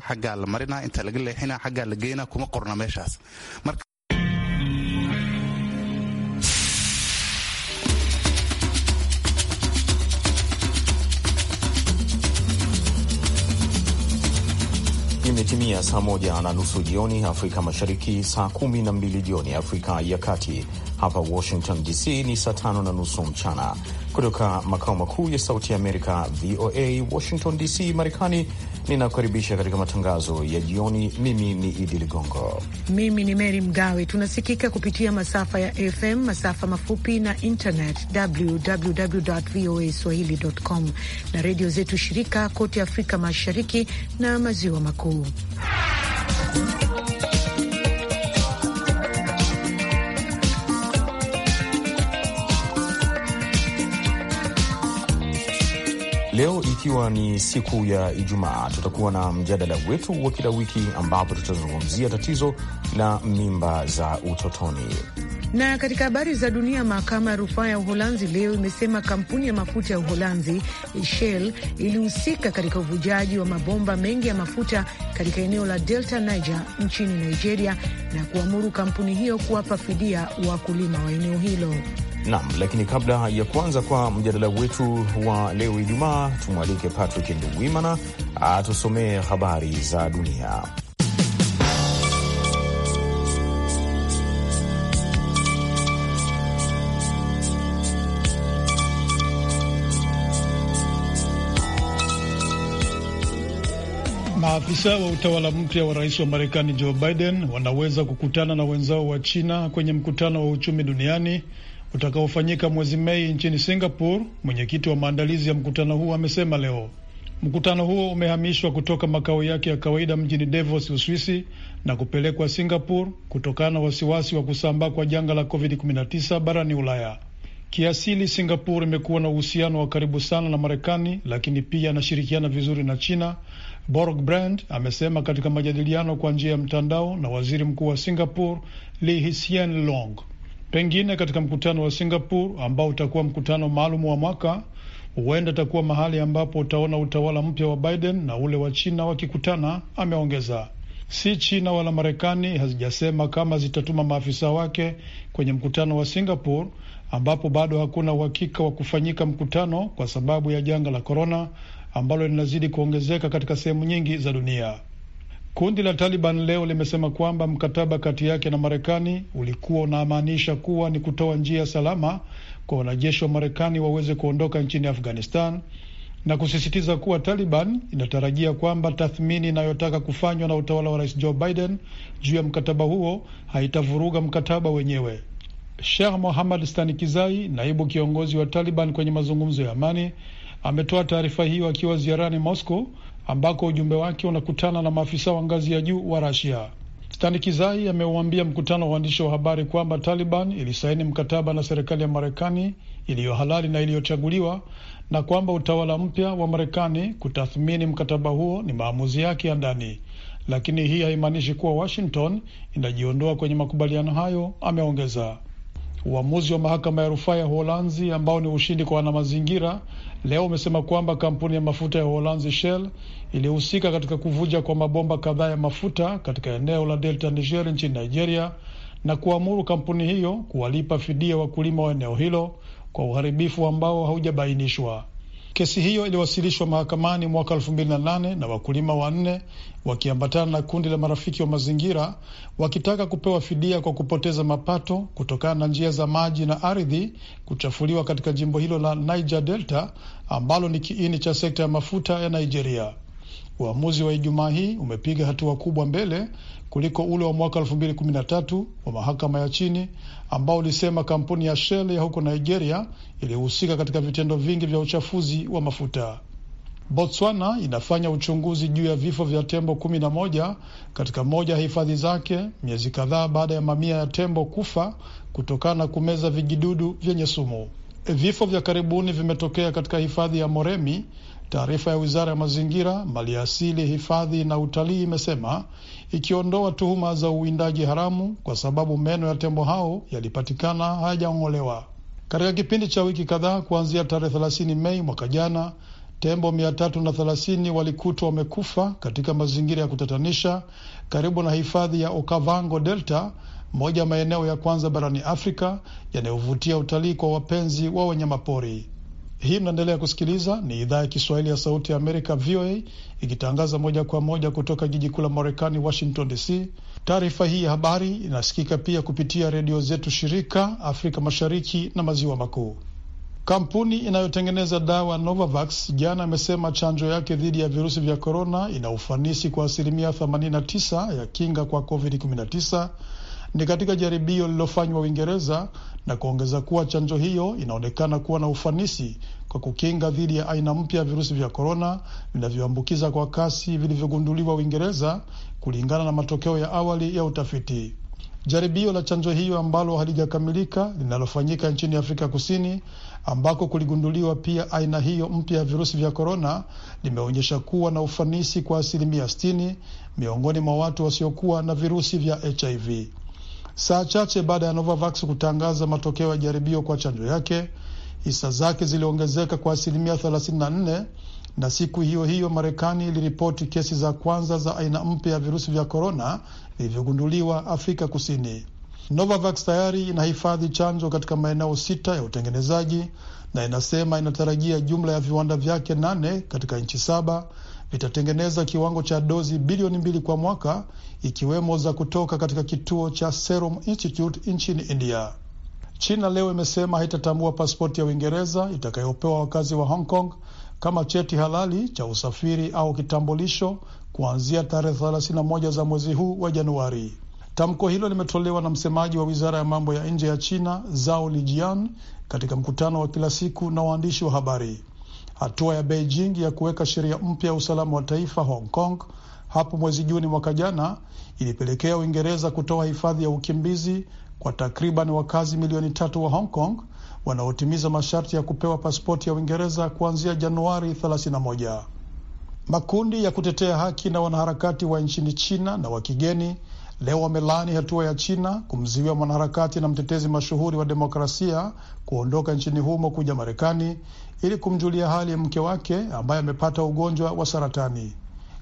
xaggaa la marina inta laga leexina xaggaa la geynaa kuma qorna meeshaas marka imetimia saa moja na nusu jioni Afrika Mashariki, saa kumi na mbili jioni Afrika ya Kati. Hapa Washington DC ni saa tano na nusu mchana. Kutoka makao makuu ya Sauti ya Amerika, VOA Washington DC, Marekani ninakukaribisha katika matangazo ya jioni. Mimi ni Idi Ligongo, mimi ni Meri Mgawe. Tunasikika kupitia masafa ya FM, masafa mafupi na internet, www voa swahili.com, na redio zetu shirika kote Afrika Mashariki na Maziwa Makuu. Leo ikiwa ni siku ya Ijumaa, tutakuwa na mjadala wetu wa kila wiki ambapo tutazungumzia tatizo la mimba za utotoni. Na katika habari za dunia, mahakama ya rufaa ya Uholanzi leo imesema kampuni ya mafuta ya Uholanzi Shell ilihusika katika uvujaji wa mabomba mengi ya mafuta katika eneo la Delta Niger nchini Nigeria na kuamuru kampuni hiyo kuwapa fidia wakulima wa eneo hilo. Nam, lakini kabla ya kuanza kwa mjadala wetu wa leo Ijumaa, tumwalike Patrick Nduwimana atusomee habari za dunia. Maafisa wa utawala mpya wa rais wa Marekani Joe Biden wanaweza kukutana na wenzao wa China kwenye mkutano wa uchumi duniani utakaofanyika mwezi Mei nchini Singapore. Mwenyekiti wa maandalizi ya mkutano huo amesema leo mkutano huo umehamishwa kutoka makao yake ya kawaida mjini Davos, Uswisi, na kupelekwa Singapore kutokana na wasiwasi wa kusambaa kwa janga la COVID-19 barani Ulaya. Kiasili, Singapore imekuwa na uhusiano wa karibu sana na Marekani, lakini pia anashirikiana vizuri na China Brand amesema katika majadiliano kwa njia ya mtandao na waziri mkuu wa Singapore Lee Hsien long Pengine katika mkutano wa Singapore ambao utakuwa mkutano maalum wa mwaka, huenda itakuwa mahali ambapo utaona utawala mpya wa Biden na ule wa China wakikutana, ameongeza. Si China wala Marekani hazijasema kama zitatuma maafisa wake kwenye mkutano wa Singapore ambapo bado hakuna uhakika wa kufanyika mkutano kwa sababu ya janga la korona ambalo linazidi kuongezeka katika sehemu nyingi za dunia. Kundi la Taliban leo limesema kwamba mkataba kati yake na Marekani ulikuwa unaamaanisha kuwa ni kutoa njia salama kwa wanajeshi wa Marekani waweze kuondoka nchini Afghanistan na kusisitiza kuwa Taliban inatarajia kwamba tathmini inayotaka kufanywa na utawala wa Rais Joe Biden juu ya mkataba huo haitavuruga mkataba wenyewe. Sheikh Mohammad Stanikizai, naibu kiongozi wa Taliban kwenye mazungumzo ya amani, ametoa taarifa hiyo akiwa ziarani Moscow ambako ujumbe wake unakutana na maafisa wa ngazi ya juu wa Rasia. Stani Kizai ameuambia mkutano wa waandishi wa habari kwamba Taliban ilisaini mkataba na serikali ya Marekani iliyo halali na iliyochaguliwa na kwamba utawala mpya wa Marekani kutathmini mkataba huo ni maamuzi yake ya ndani, lakini hii haimaanishi kuwa Washington inajiondoa kwenye makubaliano hayo, ameongeza. Uamuzi wa mahakama ya rufaa ya Holanzi ambao ni ushindi kwa wanamazingira leo umesema kwamba kampuni ya mafuta ya Uholanzi Shell ilihusika katika kuvuja kwa mabomba kadhaa ya mafuta katika eneo la Delta Niger nchini Nigeria na kuamuru kampuni hiyo kuwalipa fidia wakulima wa eneo hilo kwa uharibifu ambao haujabainishwa. Kesi hiyo iliwasilishwa mahakamani mwaka elfu mbili na nane na wakulima wanne wakiambatana na kundi la marafiki wa mazingira wakitaka kupewa fidia kwa kupoteza mapato kutokana na njia za maji na ardhi kuchafuliwa katika jimbo hilo la Niger Delta ambalo ni kiini cha sekta ya mafuta ya Nigeria. Uamuzi wa Ijumaa hii umepiga hatua kubwa mbele kuliko ule wa mwaka 2013 wa mahakama ya chini ambao ulisema kampuni ya Shell ya huko Nigeria ilihusika katika vitendo vingi vya uchafuzi wa mafuta. Botswana inafanya uchunguzi juu ya vifo vya tembo kumi na moja katika moja ya hifadhi zake miezi kadhaa baada ya mamia ya tembo kufa kutokana na kumeza vijidudu vyenye sumu. Vifo vya karibuni vimetokea katika hifadhi ya Moremi Taarifa ya wizara ya mazingira, mali asili hifadhi na utalii imesema ikiondoa tuhuma za uwindaji haramu kwa sababu meno ya tembo hao yalipatikana hayajaong'olewa. Katika kipindi cha wiki kadhaa kuanzia tarehe 30 Mei mwaka jana, tembo 330 walikutwa wamekufa katika mazingira ya kutatanisha karibu na hifadhi ya Okavango Delta, moja ya maeneo ya kwanza barani Afrika yanayovutia utalii kwa wapenzi wa wanyamapori. Hii mnaendelea kusikiliza, ni idhaa ya Kiswahili ya Sauti ya Amerika, VOA, ikitangaza moja kwa moja kutoka jiji kuu la Marekani, Washington DC. Taarifa hii ya habari inasikika pia kupitia redio zetu shirika Afrika Mashariki na Maziwa Makuu. Kampuni inayotengeneza dawa Novavax jana amesema chanjo yake dhidi ya virusi vya korona ina ufanisi kwa asilimia 89 ya kinga kwa COVID-19. Ni katika jaribio lililofanywa Uingereza na kuongeza kuwa chanjo hiyo inaonekana kuwa na ufanisi kwa kukinga dhidi ya aina mpya ya virusi vya korona vinavyoambukiza kwa kasi vilivyogunduliwa Uingereza, kulingana na matokeo ya awali ya utafiti. Jaribio la chanjo hiyo ambalo halijakamilika linalofanyika nchini Afrika Kusini, ambako kuligunduliwa pia aina hiyo mpya ya virusi vya korona, limeonyesha kuwa na ufanisi kwa asilimia 60 miongoni mwa watu wasiokuwa na virusi vya HIV saa chache baada ya Novavax kutangaza matokeo ya jaribio kwa chanjo yake, hisa zake ziliongezeka kwa asilimia 34 na siku hiyo hiyo Marekani iliripoti kesi za kwanza za aina mpya ya virusi vya korona vilivyogunduliwa Afrika Kusini. Novavax tayari inahifadhi chanjo katika maeneo sita ya utengenezaji na inasema inatarajia jumla ya viwanda vyake nane katika nchi saba vitatengeneza kiwango cha dozi bilioni mbili kwa mwaka ikiwemo za kutoka katika kituo cha Serum Institute nchini India. China leo imesema haitatambua pasipoti ya Uingereza itakayopewa wakazi wa Hong Kong kama cheti halali cha usafiri au kitambulisho kuanzia tarehe 31 za mwezi huu wa Januari. Tamko hilo limetolewa na msemaji wa wizara ya mambo ya nje ya China Zhao Lijian katika mkutano wa kila siku na waandishi wa habari. Hatua ya Beijing ya kuweka sheria mpya ya usalama wa taifa Hong Kong hapo mwezi Juni mwaka jana ilipelekea Uingereza kutoa hifadhi ya ukimbizi kwa takriban wakazi milioni tatu wa Hong Kong wanaotimiza masharti ya kupewa pasipoti ya Uingereza kuanzia Januari 31. Makundi ya kutetea haki na wanaharakati wa nchini China na wa kigeni leo wamelaani hatua ya China kumziwia mwanaharakati na mtetezi mashuhuri wa demokrasia kuondoka nchini humo kuja Marekani ili kumjulia hali mke wake ambaye amepata ugonjwa wa saratani.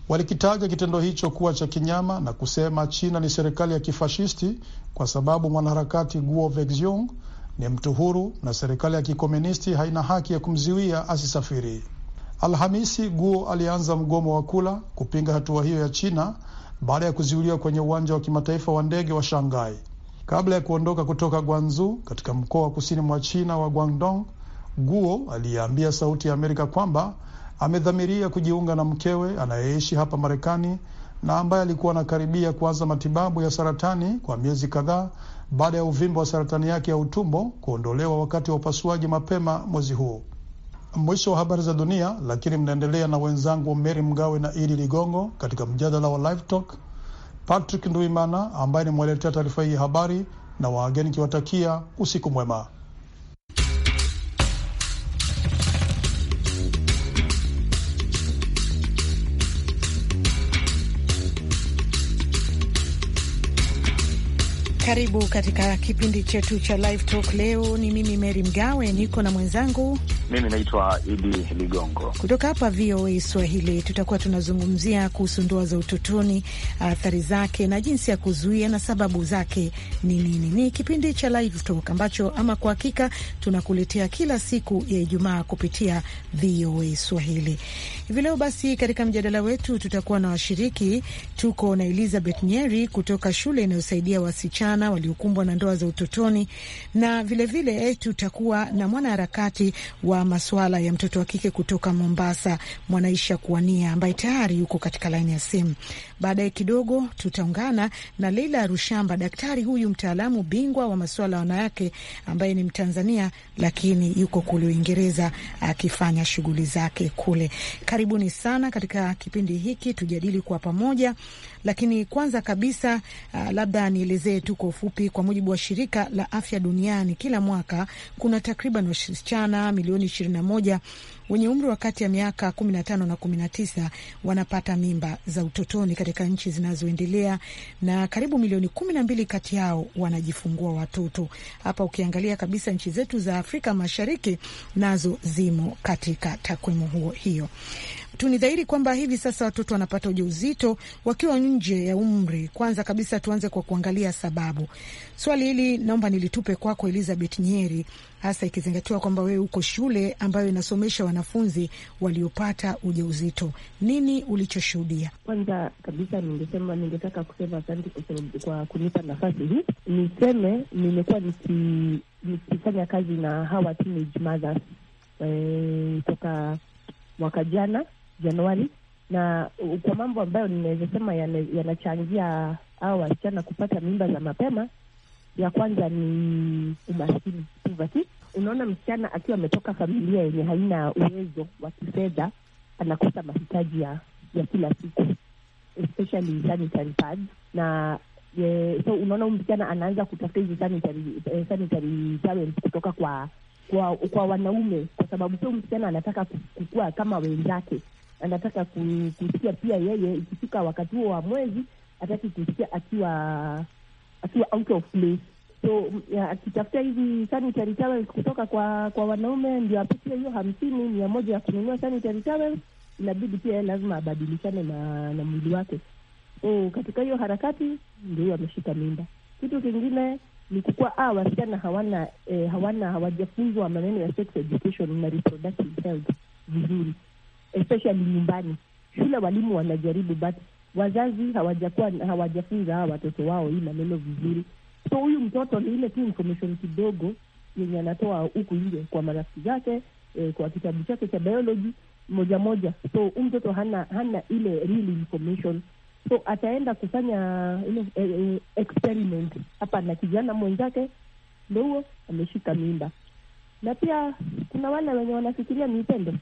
Walikitaja kitendo hicho kuwa cha kinyama na kusema China ni serikali ya kifashisti kwa sababu mwanaharakati Guo Vexiong ni mtu huru na serikali ya kikomunisti haina haki ya kumziwia asisafiri. Alhamisi, Guo alianza mgomo wa kula kupinga hatua hiyo ya China baada ya kuzuiliwa kwenye uwanja wa kimataifa wa ndege wa Shanghai kabla ya kuondoka kutoka Guangzhou katika mkoa wa kusini mwa China wa Guangdong. Guo aliyeambia Sauti ya Amerika kwamba amedhamiria kujiunga na mkewe anayeishi hapa Marekani na ambaye alikuwa anakaribia kuanza matibabu ya saratani kwa miezi kadhaa baada ya uvimbo wa saratani yake ya utumbo kuondolewa wakati wa upasuaji mapema mwezi huu. Mwisho wa habari za dunia, lakini mnaendelea na wenzangu Meri Mgawe na Idi Ligongo katika mjadala wa Live Talk. Patrick Nduimana ambaye nimewaletea taarifa hii habari na waageni kiwatakia usiku mwema. Karibu katika kipindi chetu cha Live Talk. Leo ni mimi Meri Mgawe, niko na mwenzangu, mimi naitwa Idi Ligongo kutoka hapa VOA Swahili. Tutakuwa tunazungumzia kuhusu ndoa za utotoni, athari zake na jinsi ya kuzuia na sababu zake ni nini. Ni kipindi cha Live Talk ambacho ama kwa hakika tunakuletea kila siku ya Ijumaa kupitia VOA Swahili. Hivi leo basi, katika mjadala wetu tutakuwa na washiriki, tuko na Elizabeth Nyeri kutoka shule inayosaidia wasichana wasichana waliokumbwa na ndoa za utotoni, na vilevile vile, eh, tutakuwa na mwanaharakati wa masuala ya mtoto wa kike kutoka Mombasa, Mwanaisha Kuania ambaye tayari yuko katika laini ya simu. Baadaye kidogo tutaungana na Leila Rushamba, daktari huyu mtaalamu bingwa wa masuala ya wanawake ambaye ni Mtanzania lakini yuko kule Uingereza akifanya shughuli zake kule. Karibuni sana katika kipindi hiki tujadili kwa pamoja lakini kwanza kabisa uh, labda nielezee tu kwa ufupi. Kwa mujibu wa shirika la afya duniani, kila mwaka kuna takriban wasichana milioni ishirini na moja wenye umri wa kati ya miaka 15 na 19 wanapata mimba za utotoni katika nchi zinazoendelea na karibu milioni 12 kati yao wanajifungua watoto. Hapa ukiangalia kabisa nchi zetu za Afrika Mashariki nazo zimo katika takwimu huo hiyo tunidhahiri dhahiri kwamba hivi sasa watoto wanapata ujauzito wakiwa nje ya umri. Kwanza kabisa tuanze kwa kuangalia sababu. Swali hili naomba nilitupe kwako Elizabeth Nyeri, hasa ikizingatiwa kwamba wewe uko shule ambayo inasomesha wanafunzi waliopata ujauzito. Nini ulichoshuhudia? Kwanza kabisa ningesema, ningetaka kusema asante kwa kunipa nafasi hii. Niseme nimekuwa niki, nikifanya kazi na hawa teenage mothers e, toka mwaka jana Januari, na kwa mambo ambayo ninaweza sema yanachangia yana au wasichana kupata mimba za mapema, ya kwanza ni umaskini, poverty. Unaona, msichana akiwa ametoka familia yenye haina uwezo wa kifedha anakosa mahitaji ya, ya kila siku especially sanitary pads na ye, so unaona huyu msichana anaanza kutafuta hizi sanitary, eh, sanitary towels kutoka kwa kwa, kwa wanaume, kwa sababu sio msichana anataka kukua kama wenzake anataka kusikia pia yeye, ikifika wakati huo wa mwezi ataki kusikia akiwa akiwa out of place. So mm, akitafuta hizi sanitary towels kutoka kwa kwa wanaume, ndio apitie hiyo hamsini mia moja ya kununua sanitary towels, inabidi pia lazima abadilishane na, na mwili wake. So katika hiyo harakati ndio hiyo ameshika mimba. Kitu kingine ni kukuwa ah, wasichana hawana eh, hawana hawajafunzwa maneno ya sex education na reproductive health vizuri especially nyumbani. Shule walimu wanajaribu, but wazazi hawajakuwa hawajafunza hawa watoto wao hii maneno vizuri. So huyu mtoto ni ile tu information kidogo yenye anatoa huku nje kwa marafiki zake eh, kwa kitabu chake cha biology moja moja. So huyu mtoto hana hana ile real information, so ataenda kufanya ile eh, eh, experiment hapa na kijana mwenzake, ndo huo ameshika mimba. Na pia kuna wale wenye wanafikiria ni upendo,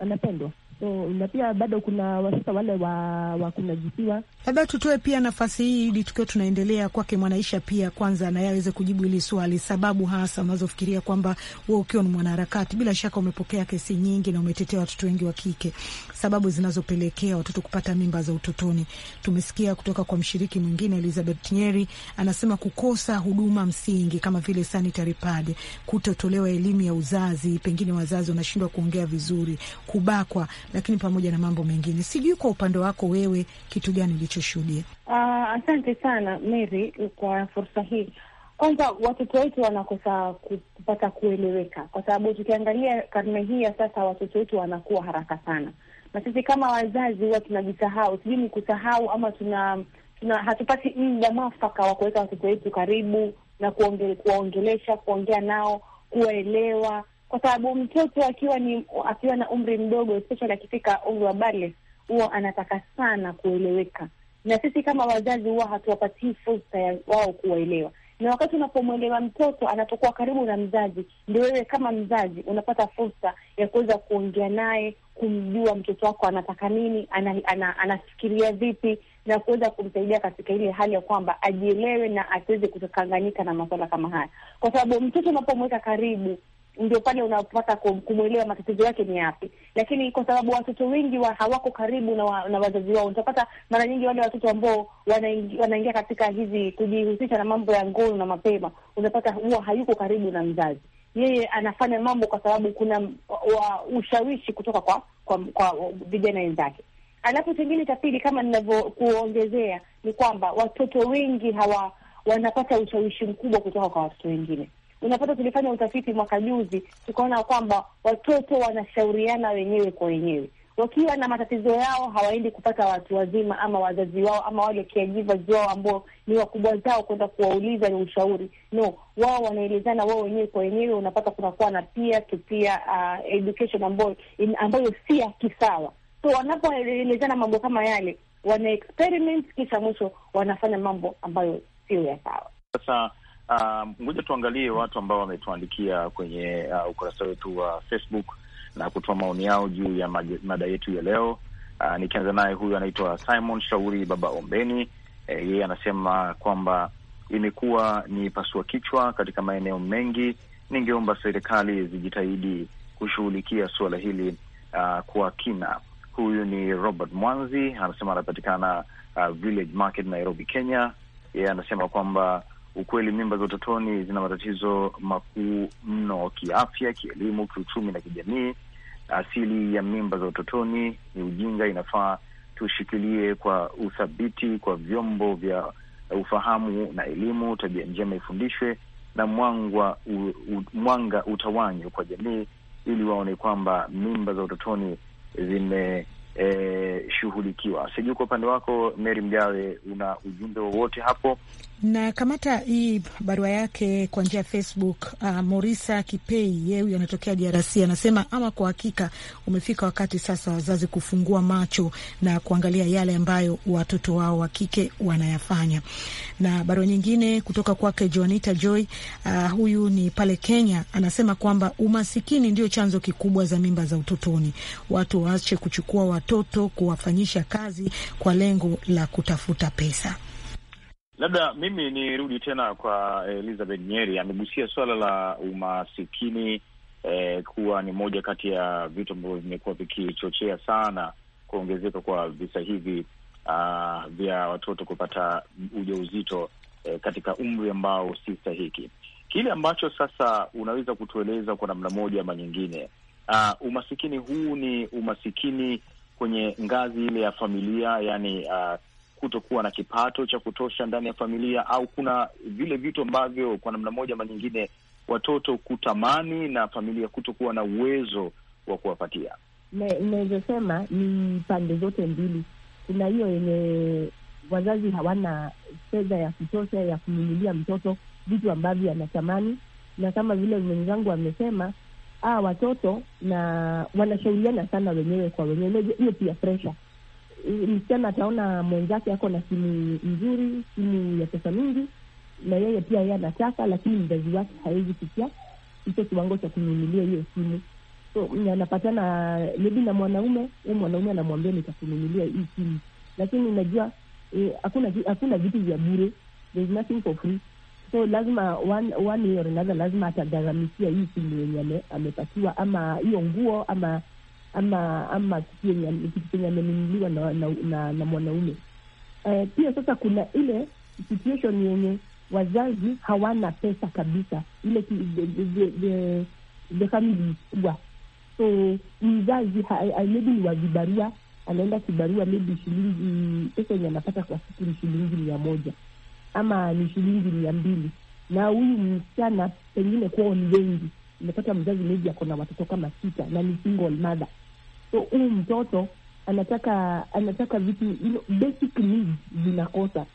anapendwa so na pia bado kuna wasasa wale wa, wa kunajisiwa. Labda tutoe pia nafasi hii ili tukiwa tunaendelea kwake Mwanaisha pia kwanza naye aweze kujibu hili swali, sababu hasa unazofikiria kwamba wewe ukiwa ni mwanaharakati, bila shaka umepokea kesi nyingi na umetetea watoto wengi wa kike, sababu zinazopelekea watoto kupata mimba za utotoni. Tumesikia kutoka kwa mshiriki mwingine Elizabeth Nyeri, anasema kukosa huduma msingi kama vile sanitary pad, kutotolewa elimu ya uzazi, pengine wazazi wanashindwa kuongea vizuri, kubakwa, lakini pamoja na mambo mengine. Sijui kwa upande wako wewe kitu gani ulichoshuhudia? Uh, asante sana Mary kwa fursa hii. Kwanza watoto wetu wanakosa kupata kueleweka, kwa sababu tukiangalia karne hii ya sasa, watoto wetu wanakuwa haraka sana na sisi kama wazazi huwa tunajisahau, sijui ni kusahau ama tuna, tuna hatupati muda mwafaka wa kuweka watoto wetu karibu na kuwaongelesha, kuongea nao, kuwaelewa, kwa sababu mtoto akiwa ni akiwa na umri mdogo, especially akifika umri wa bale, huwa anataka sana kueleweka, na sisi kama wazazi huwa hatuwapatii fursa ya wao kuwaelewa na wakati unapomwelewa mtoto anapokuwa karibu na mzazi, ndio wewe kama mzazi unapata fursa ya kuweza kuongea naye, kumjua mtoto wako anataka nini, anafikiria ana, ana vipi, na kuweza kumsaidia katika ile hali ya kwamba ajielewe na asiweze kukanganyika na masuala kama haya, kwa sababu mtoto unapomweka karibu ndio pale unapata kumwelewa matatizo yake ni yapi. Lakini kwa sababu watoto wengi wa hawako karibu na, wa, na wazazi wao, utapata mara nyingi wale watoto ambao wanaingia, katika hizi kujihusisha na mambo ya ngono na mapema, unapata huwa hayuko karibu na mzazi, yeye anafanya mambo kwa sababu kuna wa, ushawishi kutoka kwa kwa, kwa vijana wenzake. Alafu chingine cha pili kama ninavyokuongezea ni kwamba watoto wengi hawa wanapata ushawishi mkubwa kutoka kwa watoto wengine Unapata tulifanya utafiti mwaka juzi, tukaona kwamba watoto wanashauriana wenyewe kwa wenyewe wakiwa na matatizo yao hawaendi kupata watu wazima ama wazazi wao ama wale caregivers wao ambao ni wakubwa zao kwenda kuwauliza ni ushauri. No, wao wanaelezana wao wenyewe kwa wenyewe. Unapata kunakuwa na peer to peer uh, education ambayo ambayo si ya kisawa. So wanapoelezana mambo kama yale, wana experiment kisha mwisho wanafanya mambo ambayo sio ya sawa. Sasa Um, ngoja um, tuangalie watu ambao wametuandikia kwenye uh, ukurasa wetu wa uh, Facebook na kutoa maoni yao juu ya mada yetu ya leo. Uh, nikianza naye huyu anaitwa Simon Shauri Baba Ombeni. E, yeye anasema kwamba imekuwa ni pasua kichwa katika maeneo mengi, ningeomba serikali zijitahidi kushughulikia suala hili uh, kwa kina. Huyu ni Robert Mwanzi, anasema anapatikana uh, Village Market, Nairobi, Kenya. Yeye anasema kwamba ukweli mimba za utotoni zina matatizo makuu mno kiafya, kielimu, kiuchumi na kijamii. Asili ya mimba za utotoni ni ujinga, inafaa tushikilie kwa uthabiti kwa vyombo vya ufahamu na elimu. Tabia njema ifundishwe na mwangwa, u, u, mwanga utawanywe kwa jamii, ili waone kwamba mimba za utotoni zime eh, shughulikiwa. Sijui kwa upande wako Mary Mgawe, una ujumbe wowote hapo? na kamata hii barua yake kwa njia ya Facebook. Uh, Morisa Kipei yeye huyu anatokea DRC anasema, ama kwa hakika umefika wakati sasa wazazi kufungua macho na kuangalia yale ambayo watoto wao wa kike wanayafanya. Na barua nyingine kutoka kwake Joanita Joy, uh, huyu ni pale Kenya, anasema kwamba umasikini ndio chanzo kikubwa za mimba za utotoni. Watu waache kuchukua watoto, kuwafanyisha kazi kwa lengo la kutafuta pesa. Labda mimi nirudi tena kwa Elizabeth Nyeri, amegusia suala la umasikini eh, kuwa ni moja kati ya vitu ambavyo vimekuwa vikichochea sana kuongezeka kwa visa hivi uh, vya watoto kupata ujauzito eh, katika umri ambao si stahiki. Kile ambacho sasa unaweza kutueleza kwa namna moja ama nyingine, uh, umasikini huu ni umasikini kwenye ngazi ile ya familia, yani uh, kutokuwa na kipato cha kutosha ndani ya familia, au kuna vile vitu ambavyo kwa namna moja ama nyingine watoto kutamani na familia kutokuwa na uwezo wa kuwapatia. inawezosema sema ni pande zote mbili. Kuna hiyo yenye wazazi hawana fedha ya kutosha ya kununulia mtoto vitu ambavyo anatamani, na kama vile mwenzangu amesema, a watoto na wanashauriana sana wenyewe kwa wenyewe. Hiyo pia presha, msichana ataona mwenzake ako na simu nzuri, simu ya pesa mingi, na yeye pia yeye anataka, lakini mzazi wake hawezi fikia hicho kiwango cha kununulia hiyo simu. So anapatana maybe na mwanaume, huyu mwanaume anamwambia nitakununulia hii simu, lakini unajua eh, hakuna eh, hakuna vitu vya bure, there is nothing for free so lazima one, one another lazima atagharamikia hii simu yenye amepatiwa ama hiyo nguo ama ama ama kitu chenye amenunuliwa na, na, na, na mwanaume eh, pia sasa kuna ile situation yenye wazazi hawana pesa kabisa ile the, the, the, the, the family kubwa so mzazi maybe ni wazibarua anaenda kibarua maybe shilingi pesa yenye anapata kwa siku ni shilingi mia moja ama ni shilingi mia mbili, na huyu msichana pengine kwao ni wengi, imepata mzazi meji ako na watoto kama sita na ni single mother, so huyu mtoto anataka anataka vitu you know, basic needs zinakosa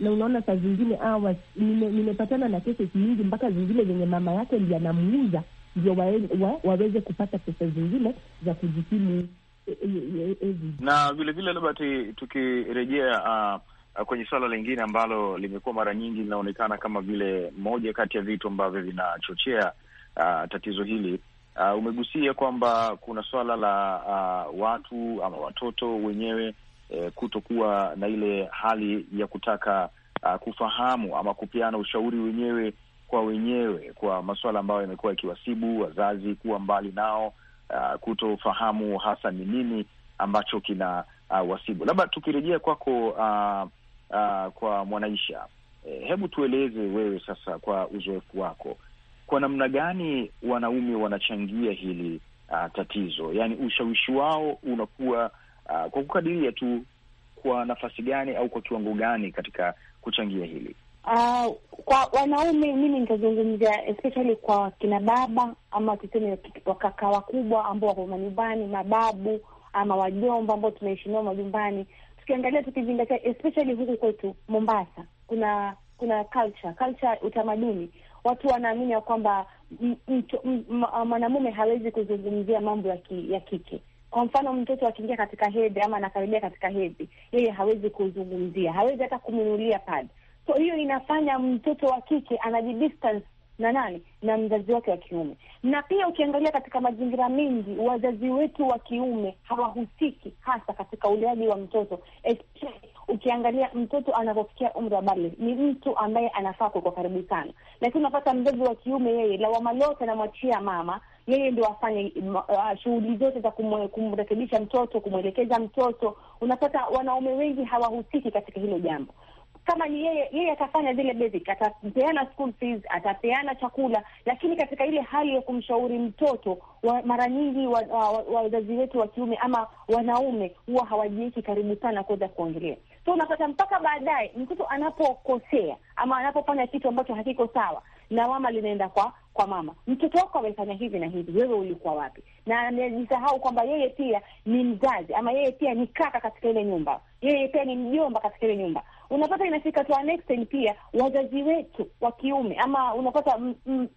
na unaona saa zingine ah, nimepatana na kese nyingi mpaka zingine zenye mama yake ndi anamuuza ndio wa, waweze kupata pesa zingine za kujikimu. E, e, e, e, na vilevile labda tukirejea uh, Ah, kwenye suala lingine ambalo limekuwa mara nyingi linaonekana kama vile moja kati ya vitu ambavyo vinachochea uh, tatizo hili uh, umegusia kwamba kuna suala la uh, watu ama watoto wenyewe eh, kutokuwa na ile hali ya kutaka uh, kufahamu ama kupeana ushauri wenyewe kwa wenyewe kwa masuala ambayo yamekuwa yakiwasibu wazazi, kuwa mbali nao, uh, kutofahamu hasa ni nini ambacho kina uh, wasibu. Labda tukirejea kwako, uh, uh, kwa Mwanaisha. E, hebu tueleze wewe sasa, kwa uzoefu wako, kwa namna gani wanaume wanachangia hili uh, tatizo, yaani ushawishi wao unakuwa uh, kwa kukadiria tu kwa nafasi gani au kwa kiwango gani katika kuchangia hili? Uh, kwa wanaume mimi nitazungumzia especially kwa kina baba ama tuseme wakaka wakubwa ambao wako manyumbani, mababu ama wajomba ambao tunaishi nao majumbani tukiangalia tukizingatia, especially huku kwetu Mombasa, kuna kuna culture culture, utamaduni. Watu wanaamini ya kwamba mwanamume hawezi kuzungumzia mambo ya, ki, ya kike. Kwa mfano, mtoto akiingia katika hedhi ama anakaribia katika hedhi, yeye hawezi kuzungumzia, hawezi hata kumnunulia pad. So hiyo inafanya mtoto wa kike anajidistance na nani na mzazi wake wa kiume. Na pia ukiangalia katika mazingira mengi, wazazi wetu wa kiume hawahusiki hasa katika uleaji wa mtoto especially ukiangalia mtoto anapofikia umri wa bale ni mtu ambaye anafaa kuwa karibu sana, lakini unapata mzazi wa kiume yeye lawama lote anamwachia mama, yeye ndio afanye uh, shughuli zote za kumrekebisha mtoto, kumwelekeza mtoto. Unapata wanaume wengi hawahusiki katika hilo jambo kama ni yeye yeye atafanya zile basic, atapeana school fees, atapeana chakula, lakini katika ile hali ya kumshauri mtoto wa, mara nyingi wazazi wa, wa, wa wetu wa kiume ama wanaume huwa hawajiweki karibu sana kuweza kuongelea, so unapata mpaka baadaye mtoto anapokosea ama anapofanya kitu ambacho hakiko sawa na mama linaenda kwa kwa mama, mtoto wako amefanya hivi na hivi, wewe ulikuwa wapi? Na amejisahau kwamba yeye pia ni mzazi ama yeye pia ni kaka katika ile nyumba, yeye pia ni mjomba katika ile nyumba unapata inafika tu an pia wazazi wetu wa kiume, ama unapata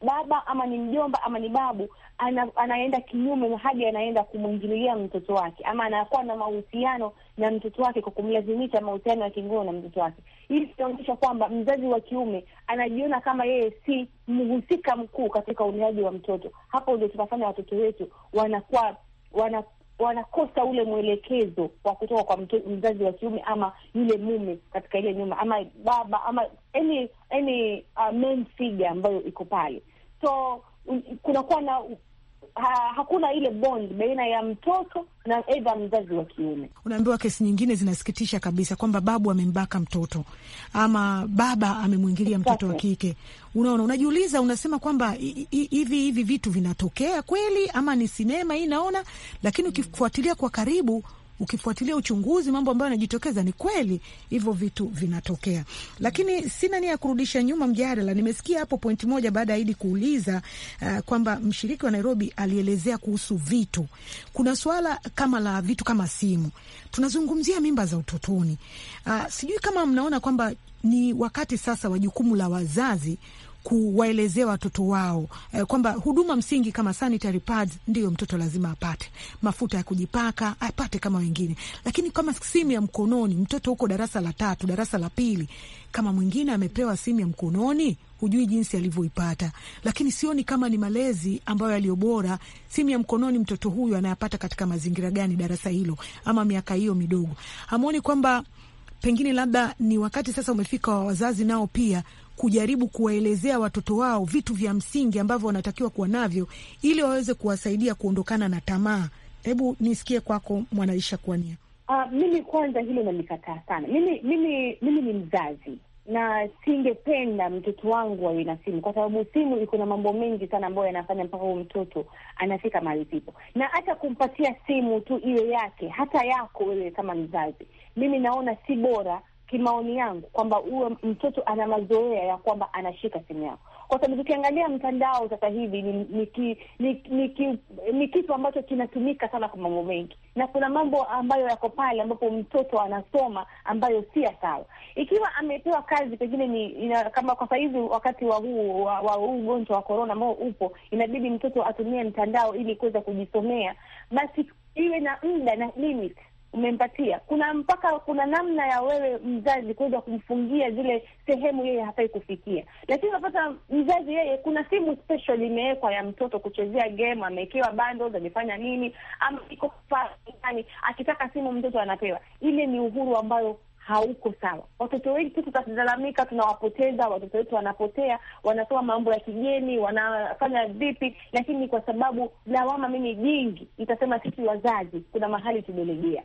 baba ama ni mjomba ama ni babu ana, anaenda kinyume hadi anaenda kumwingililia mtoto wake, ama anakuwa na mahusiano na mtoto wake kwa kumlazimisha mahusiano ya kingono na mtoto wake. hili inaonyesha kwamba mzazi wa kiume anajiona kama yeye si mhusika mkuu katika uleaji wa mtoto. Hapo ndio tunafanya watoto wetu wanakuwa wana wanakosa ule mwelekezo wa kutoka kwa mzazi wa kiume ama yule mume katika ile nyumba ama baba ama any any uh, main figure ambayo iko pale, so kunakuwa na ha, hakuna ile bond baina ya mtoto na aidha mzazi wa kiume. Unaambiwa kesi nyingine zinasikitisha kabisa kwamba babu amembaka mtoto ama baba amemwingilia mtoto wa kike. Unaona, unajiuliza, unasema kwamba hivi hivi vitu vinatokea kweli ama ni sinema hii naona? Lakini ukifuatilia kwa karibu ukifuatilia uchunguzi, mambo ambayo yanajitokeza, ni kweli hivyo vitu vinatokea. Lakini sina nia ya kurudisha nyuma mjadala. Nimesikia hapo pointi moja baada ya Idi kuuliza uh, kwamba mshiriki wa Nairobi alielezea kuhusu vitu. Kuna swala kama la vitu kama simu, tunazungumzia mimba za utotoni. Uh, sijui kama mnaona kwamba ni wakati sasa wa jukumu la wazazi kuwaelezea watoto wao eh, kwamba huduma msingi kama sanitary pads ndiyo mtoto lazima apate, mafuta ya kujipaka apate kama wengine, lakini kama simu ya mkononi, mtoto huko darasa la tatu, darasa la pili, kama mwingine amepewa simu ya mkononi hujui jinsi alivyoipata, lakini sioni kama ni malezi ambayo yaliyo bora. Simu ya mkononi mtoto huyu anayapata katika mazingira gani, darasa hilo ama miaka hiyo midogo? Hamwoni kwamba pengine labda ni wakati sasa umefika wa wazazi nao pia kujaribu kuwaelezea watoto wao vitu vya msingi ambavyo wanatakiwa kuwa navyo ili waweze kuwasaidia kuondokana na tamaa. Hebu nisikie kwako, Mwanaisha Kuania. Uh, ah, mimi kwanza hilo nalikataa sana. Mimi mimi mimi ni mzazi na singependa mtoto wangu awe na simu, kwa sababu simu iko na mambo mengi sana ambayo yanafanya mpaka huyu mtoto anafika mahali zipo, na hata kumpatia simu tu iwe yake hata yako wewe kama mzazi, mimi naona si bora kimaoni yangu kwamba uwe mtoto ana mazoea ya kwamba anashika simu yako, kwa sababu tukiangalia mtandao sasa hivi ni, ni, ni, ni, ni kitu ambacho kinatumika sana kwa mambo mengi, na kuna mambo ambayo yako pale ambapo mtoto anasoma ambayo si ya sawa. Ikiwa amepewa kazi pengine ni ina, kama kwa sahizi wakati wa huu wa, wa huu ugonjwa wa korona ambao upo, inabidi mtoto atumie mtandao ili kuweza kujisomea, basi iwe na muda na limit umempatia. Kuna mpaka kuna namna ya wewe mzazi kuweza kumfungia zile sehemu yeye hafai kufikia, lakini unapata mzazi yeye, kuna simu special imewekwa ya mtoto kuchezea game, amewekewa bundles, amefanya nini, ama iko fulani, akitaka simu mtoto anapewa. Ile ni uhuru ambayo hauko sawa. Watoto wengi tu tutalalamika, tunawapoteza watoto wetu, wanapotea, wanatoa mambo ya kigeni, wanafanya vipi, lakini kwa sababu lawama mimi jingi nitasema sisi wazazi, kuna mahali tumelegea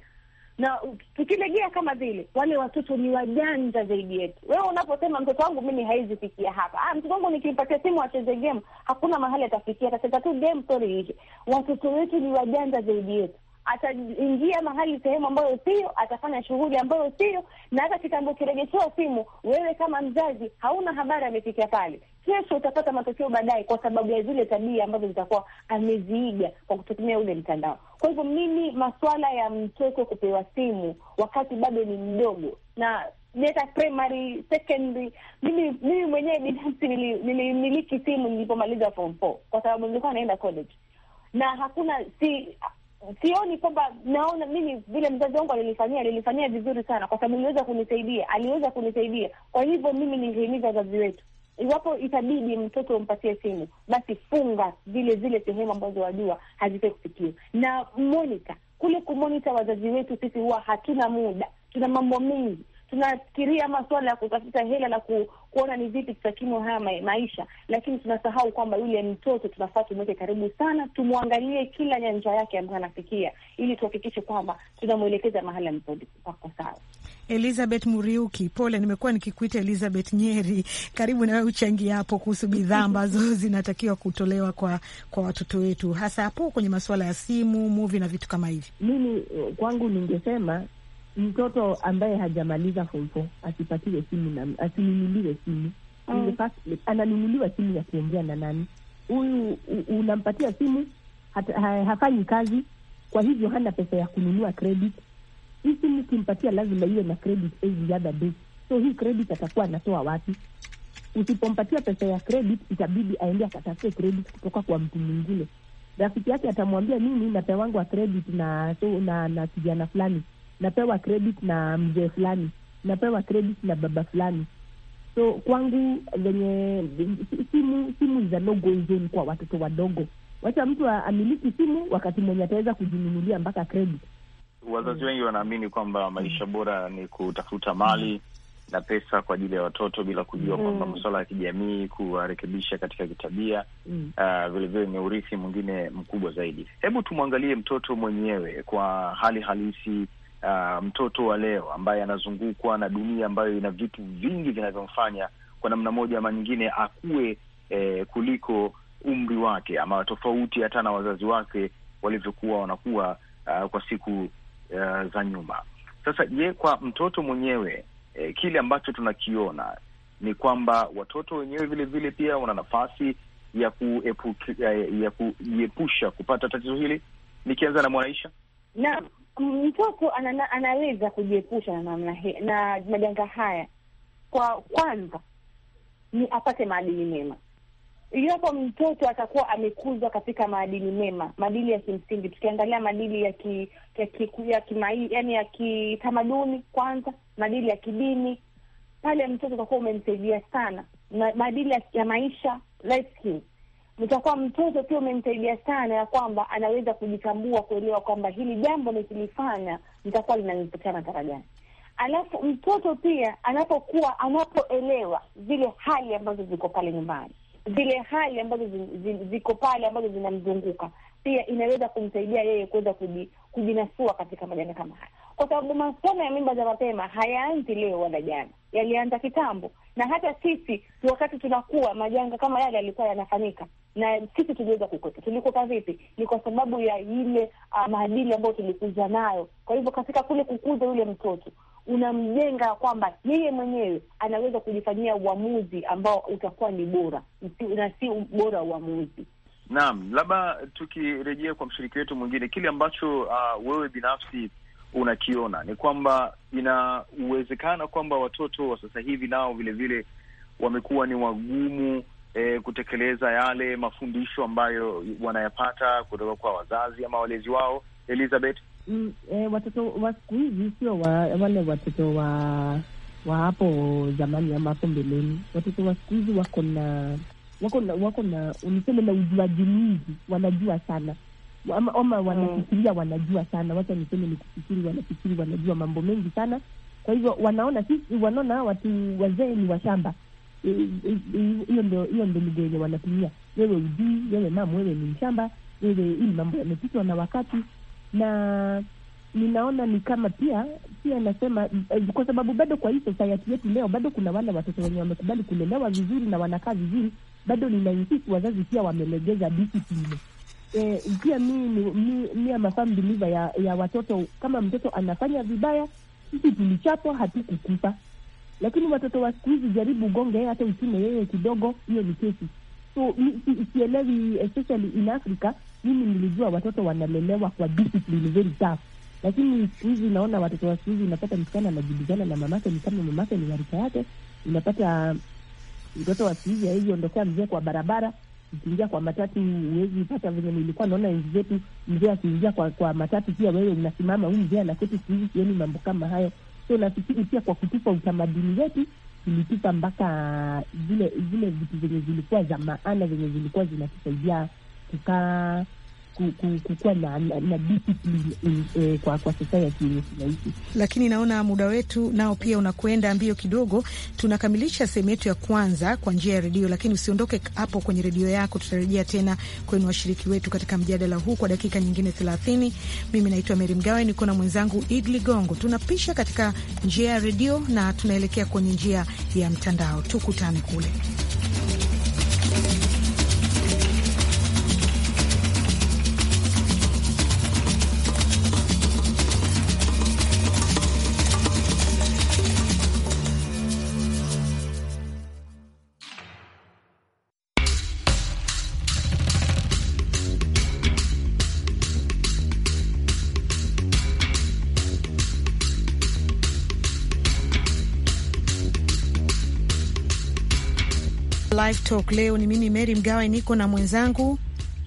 na tukilegea kama vile wale watoto ni wajanja zaidi yetu. Wewe unaposema mtoto wangu mimi haizi fikia hapa, ah, mtoto wangu nikimpatia simu acheze game, hakuna mahali atafikia, atacheza tu game, story hivi. Watoto wetu ni wajanja zaidi yetu. Ataingia mahali sehemu ambayo sio, atafanya shughuli ambayo sio, na hata kitambo kirejeshewa simu, wewe kama mzazi hauna habari amefikia pale kesho utapata matokeo baadaye, kwa sababu ya zile tabia ambazo zitakuwa ameziiga kwa kutumia ule mtandao. Kwa hivyo mimi, masuala ya mtoto kupewa simu wakati bado ni mdogo na primary secondary, mimi mimi mwenyewe binafsi nilimiliki simu nilipomaliza form four kwa sababu nilikuwa naenda college na hakuna si sioni kwamba naona mimi vile mzazi wangu alilifanyia alilifanyia vizuri sana, kwa sababu aliweza kunisaidia, aliweza kunisaidia. Kwa hivyo mimi nilihimiza wazazi wetu Iwapo itabidi mtoto umpatie simu, basi funga zile zile sehemu ambazo wajua hazifai kufikiwa, na monita kule kumonita wazazi wetu. Sisi huwa hatuna muda, tuna mambo mengi tunafikiria masuala ya kutafuta hela na ku, kuona ni vipi tutakimwa haya maisha, lakini tunasahau kwamba yule mtoto tunafaa tumweke karibu sana, tumwangalie kila nyanja yake ambayo anafikia, ili tuhakikishe kwamba tunamwelekeza mahali amepako sawa. Elizabeth Muriuki, pole, nimekuwa nikikuita Elizabeth Nyeri. Karibu nawe uchangie hapo kuhusu bidhaa ambazo zinatakiwa kutolewa kwa kwa watoto wetu, hasa hapo kwenye masuala ya simu, movie na vitu kama hivi. Mimi eh, kwangu ningesema mtoto ambaye hajamaliza form four asipatiwe simu na asinunuliwe simu oh. ananunuliwa simu ya kuongea na nani? Huyu unampatia simu hata, ha, hafanyi kazi, kwa hivyo hana pesa ya kununua credit. Hii simu ukimpatia lazima iwe na credit every other day, so hii credit atakuwa anatoa wapi? Usipompatia pesa ya credit, itabidi aende akatafute credit kutoka kwa mtu mwingine. Rafiki yake atamwambia mimi napewangwa credit na so, na, na kijana fulani napewa credit na mzee fulani, napewa credit na baba fulani. So kwangu venye simu simu za logo hizo kwa watoto wadogo, wacha mtu amiliki simu wakati mwenye ataweza kujinunulia mpaka credit. Wazazi mm. wengi wanaamini kwamba mm. maisha bora ni kutafuta mali mm. na pesa kwa ajili ya watoto bila kujua mm. kwamba masuala ya kijamii kuwarekebisha katika kitabia mm. uh, ah, vilevile ni urithi mwingine mkubwa zaidi. Hebu tumwangalie mtoto mwenyewe kwa hali halisi uh, mtoto wa leo ambaye anazungukwa na dunia ambayo ina vitu vingi vinavyomfanya kwa namna moja ama nyingine akuwe eh, kuliko umri wake ama tofauti hata na wazazi wake walivyokuwa wanakuwa uh, kwa siku uh, za nyuma. Sasa je, kwa mtoto mwenyewe eh, kile ambacho tunakiona ni kwamba watoto wenyewe vile vile pia wana nafasi ya eh, kujiepusha kupata tatizo hili. Nikianza na Mwanaisha, naam mtoto anana, anaweza kujiepusha na namna na majanga haya kwa kwanza ni apate maadili mema. Iwapo mtoto atakuwa amekuzwa katika maadili mema, maadili ya kimsingi, tukiangalia maadili ya ki, ya ki, ya kimai, yani ya kitamaduni kwanza, maadili ya kidini, pale mtoto utakuwa umemsaidia sana, maadili ya, maisha life skills nitakuwa mtoto pia umemsaidia sana, ya kwamba anaweza kujitambua, kuelewa kwamba hili jambo nikilifanya nitakuwa linanipatia madhara gani. Alafu mtoto pia anapokuwa anapoelewa zile hali ambazo ziko pale nyumbani, zile hali ambazo ziko pale ambazo zinamzunguka, pia inaweza kumsaidia yeye kuweza kujinasua katika majanga kama haya, kwa sababu masomo ya mimba za mapema hayaanzi leo wala jana, yalianza kitambo. Na hata sisi wakati tunakuwa, majanga kama yale yalikuwa yanafanyika, na sisi tuliweza kukwepa. Tulikwepa vipi? Ni kwa sababu ya ile uh, maadili ambayo tulikuza nayo. Kwa hivyo katika kule kukuza yule mtoto unamjenga kwamba yeye mwenyewe anaweza kujifanyia uamuzi ambao utakuwa ni bora na si bora uamuzi Naam, labda tukirejea kwa mshiriki wetu mwingine, kile ambacho uh, wewe binafsi unakiona ni kwamba inawezekana kwamba watoto wa sasa hivi nao vilevile wamekuwa ni wagumu eh, kutekeleza yale mafundisho ambayo wanayapata kutoka kwa wazazi ama walezi wao, Elizabeth? Mm, eh, watoto wa siku hizi sio wale watoto wa wa hapo zamani ama hapo mbeleni. Watoto wa siku hizi wako na wako na wako na niseme na ujuaji mwingi, wanajua sana ama, ama wanafikiria mm. wanajua sana, wacha niseme ni kufikiri, wanafikiri wanajua mambo mengi sana. Kwa hivyo wanaona sisi, wanaona watu wazee ni washamba. Hiyo ndo hiyo ndo lugha yenye wanatumia, wewe ujui, wewe mam, wewe ni mshamba, wewe hili mambo yamepitwa na wakati, na ninaona ni kama pia pia nasema eh, kwa sababu bado kwa hii society yetu leo bado kuna wale watoto wenye wamekubali kulelewa vizuri na wanakaa vizuri bado ninainsist wazazi pia wamelegeza discipline. Eh, pia mi amafam biliva ya, ya watoto. Kama mtoto anafanya vibaya, sisi tulichapwa, hatukukufa. Lakini watoto wa siku hizi, jaribu gonge hata usime yeye kidogo, hiyo ni kesi. So sielewi, especially in Africa. Mimi nilijua watoto wanalelewa kwa discipline very tough, lakini siku hizi naona watoto wa siku hizi, unapata msichana anajibizana na mamake, ni kama mamake ni warika yake, unapata mtoto wa siku hizi mzee kwa barabara. Ukiingia kwa matatu huwezi pata venye nilikuwa naona enzi zetu, mzee akiingia kwa, kwa matatu pia wewe unasimama, huyu mzee anaketi. Siku hizi sioni mambo kama hayo, so nafikiri pia kwa kutupa utamaduni wetu tulitupa mpaka zile zile vitu zenye zilikuwa za maana zenye zilikuwa zinatusaidia kukaa kukuwa na, na, na discipline eh, eh kwa, kwa society yetu naishi. Lakini naona muda wetu nao pia unakwenda mbio kidogo. Tunakamilisha sehemu yetu ya kwanza kwa njia ya redio, lakini usiondoke hapo kwenye redio yako. Tutarejea tena kwenu washiriki wetu katika mjadala huu kwa dakika nyingine thelathini. Mimi naitwa Meri Mgawe, niko na mwenzangu Id Ligongo. Tunapisha katika njia ya redio na tunaelekea kwenye njia ya mtandao. Tukutane kule. Live Talk leo ni mimi Mary Mgawe, niko na mwenzangu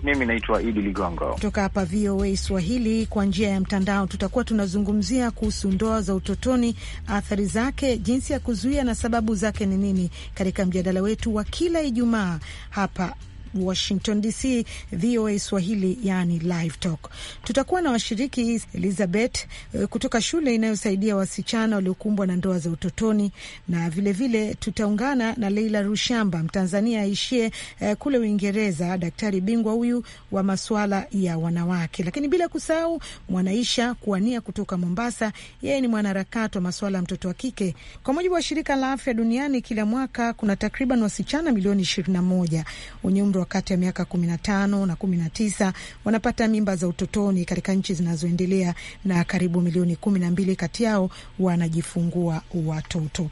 mimi naitwa Idi Ligongo kutoka hapa VOA Swahili. Kwa njia ya mtandao, tutakuwa tunazungumzia kuhusu ndoa za utotoni, athari zake, jinsi ya kuzuia na sababu zake ni nini, katika mjadala wetu wa kila Ijumaa hapa Washington DC, VOA Swahili, yani Live Talk. Tutakuwa na washiriki Elizabeth eh, kutoka shule inayosaidia wasichana waliokumbwa na ndoa za utotoni, na vilevile vile tutaungana na Leila Rushamba, Mtanzania aishie eh, kule Uingereza, daktari bingwa huyu wa masuala ya wanawake, lakini bila kusahau Mwanaisha Kuania kutoka Mombasa. Yeye ni mwanaharakati wa masuala ya mtoto wa kike. Kwa mujibu wa shirika la afya duniani, kila mwaka kuna takriban wasichana milioni 21 wenye umri wa kati ya miaka 15 na 19 wanapata mimba za utotoni katika nchi zinazoendelea na karibu milioni 12 kati yao wanajifungua watoto.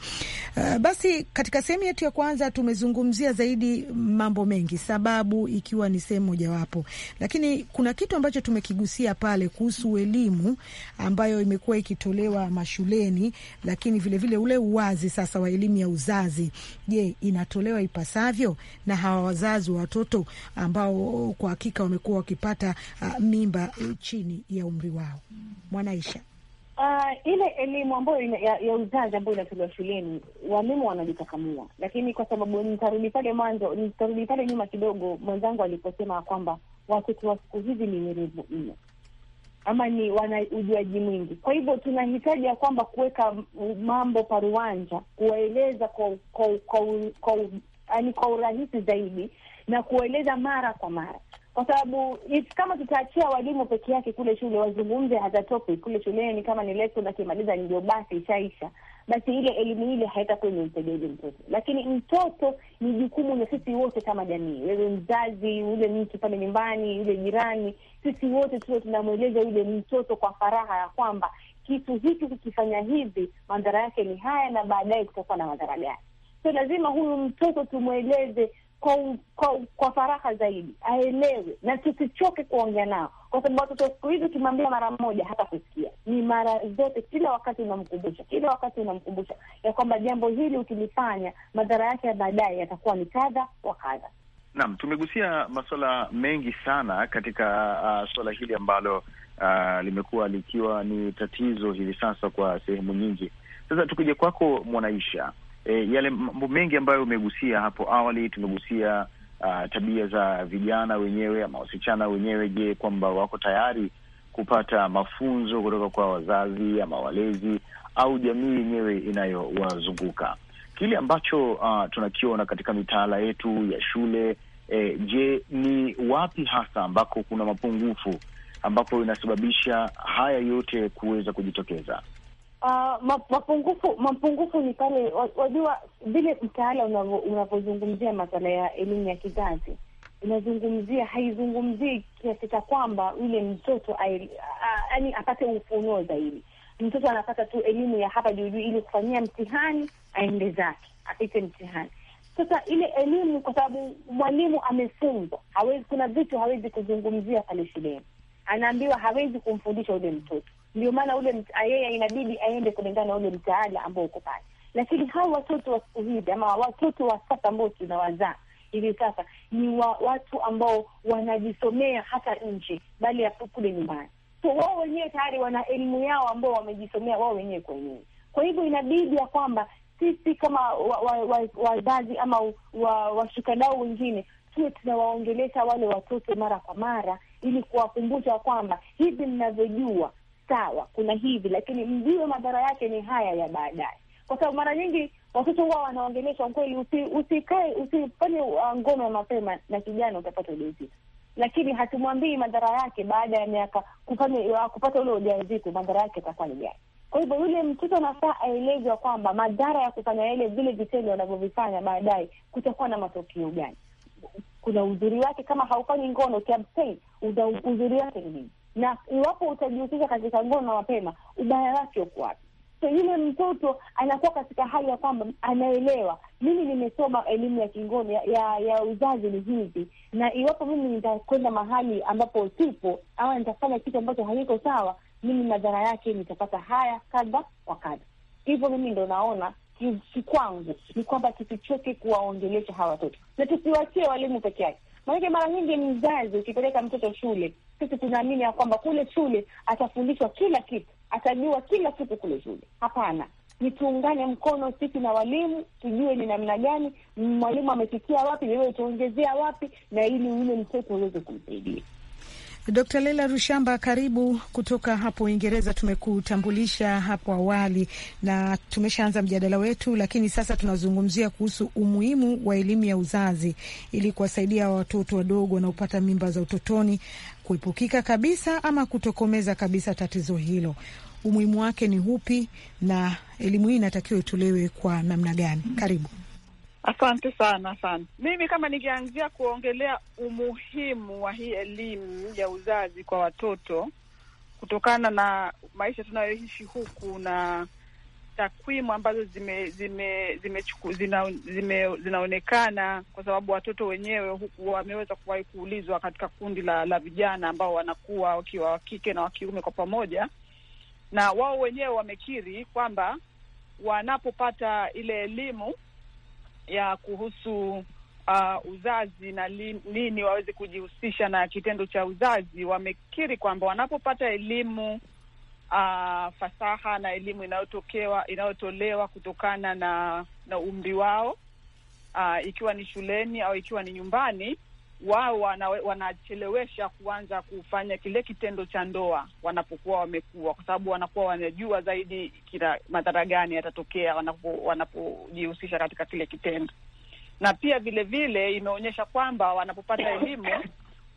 Uh, basi katika sehemu yetu ya kwanza tumezungumzia zaidi mambo mengi, sababu ikiwa ni sehemu mojawapo, lakini kuna kitu ambacho tumekigusia pale kuhusu elimu ambayo imekuwa ikitolewa mashuleni, lakini vilevile vile ule uwazi sasa wa elimu ya uzazi, je, inatolewa ipasavyo na hawa wazazi wa watoto ambao kwa hakika wamekuwa wakipata uh, mimba eh, chini ya umri wao. Mwanaisha, uh, ile elimu ambayo ya, ya uzazi ambayo inatolewa shuleni, walimu wanajikakamua, lakini kwa sababu nitarudi pale mwanzo, nitarudi pale nyuma kidogo, mwenzangu aliposema kwamba watoto wa siku hizi ni werevu mno ama ni wana ujuaji mwingi. Kwa hivyo tunahitaji ya kwamba kuweka mambo paruanja, kuwaeleza kwa kwa kwa, kwa, kwa, kwa urahisi zaidi na kueleza mara kwa mara, kwa sababu kama tutaachia walimu peke yake kule shule wazungumze hata topic kule shuleni, kama ni lesson akimaliza ndio basi ishaisha, basi ile elimu ile haitakuwa imemsaidia ule mtoto. Lakini mtoto ni jukumu la sisi wote kama jamii, wewe mzazi, ule mtu pale nyumbani, yule jirani, sisi wote tuo tunamweleza yule mtoto kwa faraha ya kwamba kitu hiki kikifanya hivi madhara yake ni haya, na baadaye kutakuwa na madhara gani. So lazima huyu mtoto tumweleze kwa, kwa, kwa faraha zaidi, aelewe na tusichoke kuongea nao, kwa sababu watoto siku hizi ukimwambia mara moja hata kusikia, ni mara zote, kila wakati unamkumbusha, kila wakati unamkumbusha ya kwamba jambo hili ukilifanya, madhara yake ya baadaye yatakuwa ni kadha wa kadha. Naam, tumegusia masuala mengi sana katika uh, suala hili ambalo uh, limekuwa likiwa ni tatizo hivi sasa kwa sehemu nyingi. Sasa tukuja kwako Mwanaisha, e, yale mambo mengi ambayo umegusia hapo awali. Tumegusia uh, tabia za vijana wenyewe ama wasichana wenyewe. Je, kwamba wako tayari kupata mafunzo kutoka kwa wazazi ama walezi au jamii yenyewe inayowazunguka? Kile ambacho uh, tunakiona katika mitaala yetu ya shule e, je, ni wapi hasa ambako kuna mapungufu ambapo inasababisha haya yote kuweza kujitokeza? Uh, mapungufu mapungufu ni pale, wajua vile mtaala unavyozungumzia masala ya elimu ya kizazi inazungumzia, haizungumzii kiasi cha kwamba yule mtoto yaani apate ufunuo zaidi. Mtoto anapata tu elimu ya hapa juujuu ili kufanyia mtihani, aende zake apite mtihani. Sasa ile elimu, kwa sababu mwalimu amefungwa, hawezi, kuna vitu hawezi kuzungumzia pale shuleni, anaambiwa hawezi kumfundisha yule mtoto ndio maana ule yeye inabidi aende kulingana na ule mtaala ambao uko pale. Lakini hawa watoto wa siku hizi ama watoto wa sasa ambao tunawazaa hivi sasa ni wa, watu ambao wanajisomea hata nje, bali ya kule nyumbani. So wao wenyewe tayari wana elimu yao ambao wamejisomea wao wenyewe kwenyewe. Kwa hivyo inabidi ya kwamba sisi kama wazazi wa, wa, wa ama washikadau wa wengine tuwe tunawaongelesha wale watoto mara kwa mara, ili kuwakumbusha kwamba hivi mnavyojua sawa, kuna hivi, lakini mjue madhara yake ni haya ya baadaye, kwa sababu mara nyingi watoto huwa wanaongeleshwa kweli, usikae usi, usifanye uh, ngono ya mapema na kijana utapata ujauzito, lakini hatumwambii madhara yake baada ya miaka uh, kupata ule ujauzito, madhara yake atakuwa ni gani? Kwa hivyo yule mtoto anafaa aelezwa kwamba madhara ya kufanya ile vile vitendo wanavyovifanya baadaye kutakuwa na matokeo gani. Kuna uzuri wake kama haufanyi ngono, ukiabstain, uzuri wake ni nini? na iwapo utajihusisha katika ngono mapema, ubaya wake uko wapi? So yule mtoto anakuwa katika hali ya kwamba anaelewa, mimi nimesoma elimu ya kingono ya, ya, ya uzazi ni hivi, na iwapo mimi nitakwenda mahali ambapo sipo ama nitafanya kitu ambacho hakiko sawa, mimi madhara yake nitapata haya kadha wa kadha. Hivyo mimi ndo naona kikwangu ni kwamba tusichoke kuwaongelesha hawa watoto na tusiwachie walimu peke yake. Maanake mara nyingi mzazi, ukipeleka mtoto shule, sisi tunaamini ya kwamba kule shule atafundishwa kila kitu, atajua kila kitu kule shule. Hapana, ni tuungane mkono sisi na walimu, tujue ni namna gani mwalimu amefikia wapi, wewe utaongezea wapi, na ili ule mtoto uweze kumsaidia. Dr. Leila Rushamba, karibu kutoka hapo Uingereza. Tumekutambulisha hapo awali na tumeshaanza mjadala wetu, lakini sasa tunazungumzia kuhusu umuhimu wa elimu ya uzazi ili kuwasaidia watoto wadogo wanaopata mimba za utotoni kuepukika kabisa ama kutokomeza kabisa tatizo hilo. Umuhimu wake ni upi na elimu hii inatakiwa itolewe kwa namna gani? Karibu. Asante sana sana. Mimi kama ningeanzia kuongelea umuhimu wa hii elimu ya uzazi kwa watoto, kutokana na maisha tunayoishi huku na takwimu ambazo zime, zime, zime, zina, zime, zinaonekana kwa sababu watoto wenyewe huku wameweza kuwahi kuulizwa katika kundi la, la vijana ambao wanakuwa wakiwa wa kike na wa kiume kwa pamoja, na wao wenyewe wamekiri kwamba wanapopata ile elimu ya kuhusu uh, uzazi na lini waweze kujihusisha na kitendo cha uzazi, wamekiri kwamba wanapopata elimu Uh, fasaha na elimu inayotokewa inayotolewa kutokana na na umri wao uh, ikiwa ni shuleni au ikiwa ni nyumbani, wao wana, wanachelewesha kuanza kufanya kile kitendo cha ndoa wanapokuwa wamekua kwa sababu wanakuwa wanajua zaidi kila madhara gani yatatokea wanapojihusisha katika kile kitendo. Na pia vile vile imeonyesha kwamba wanapopata elimu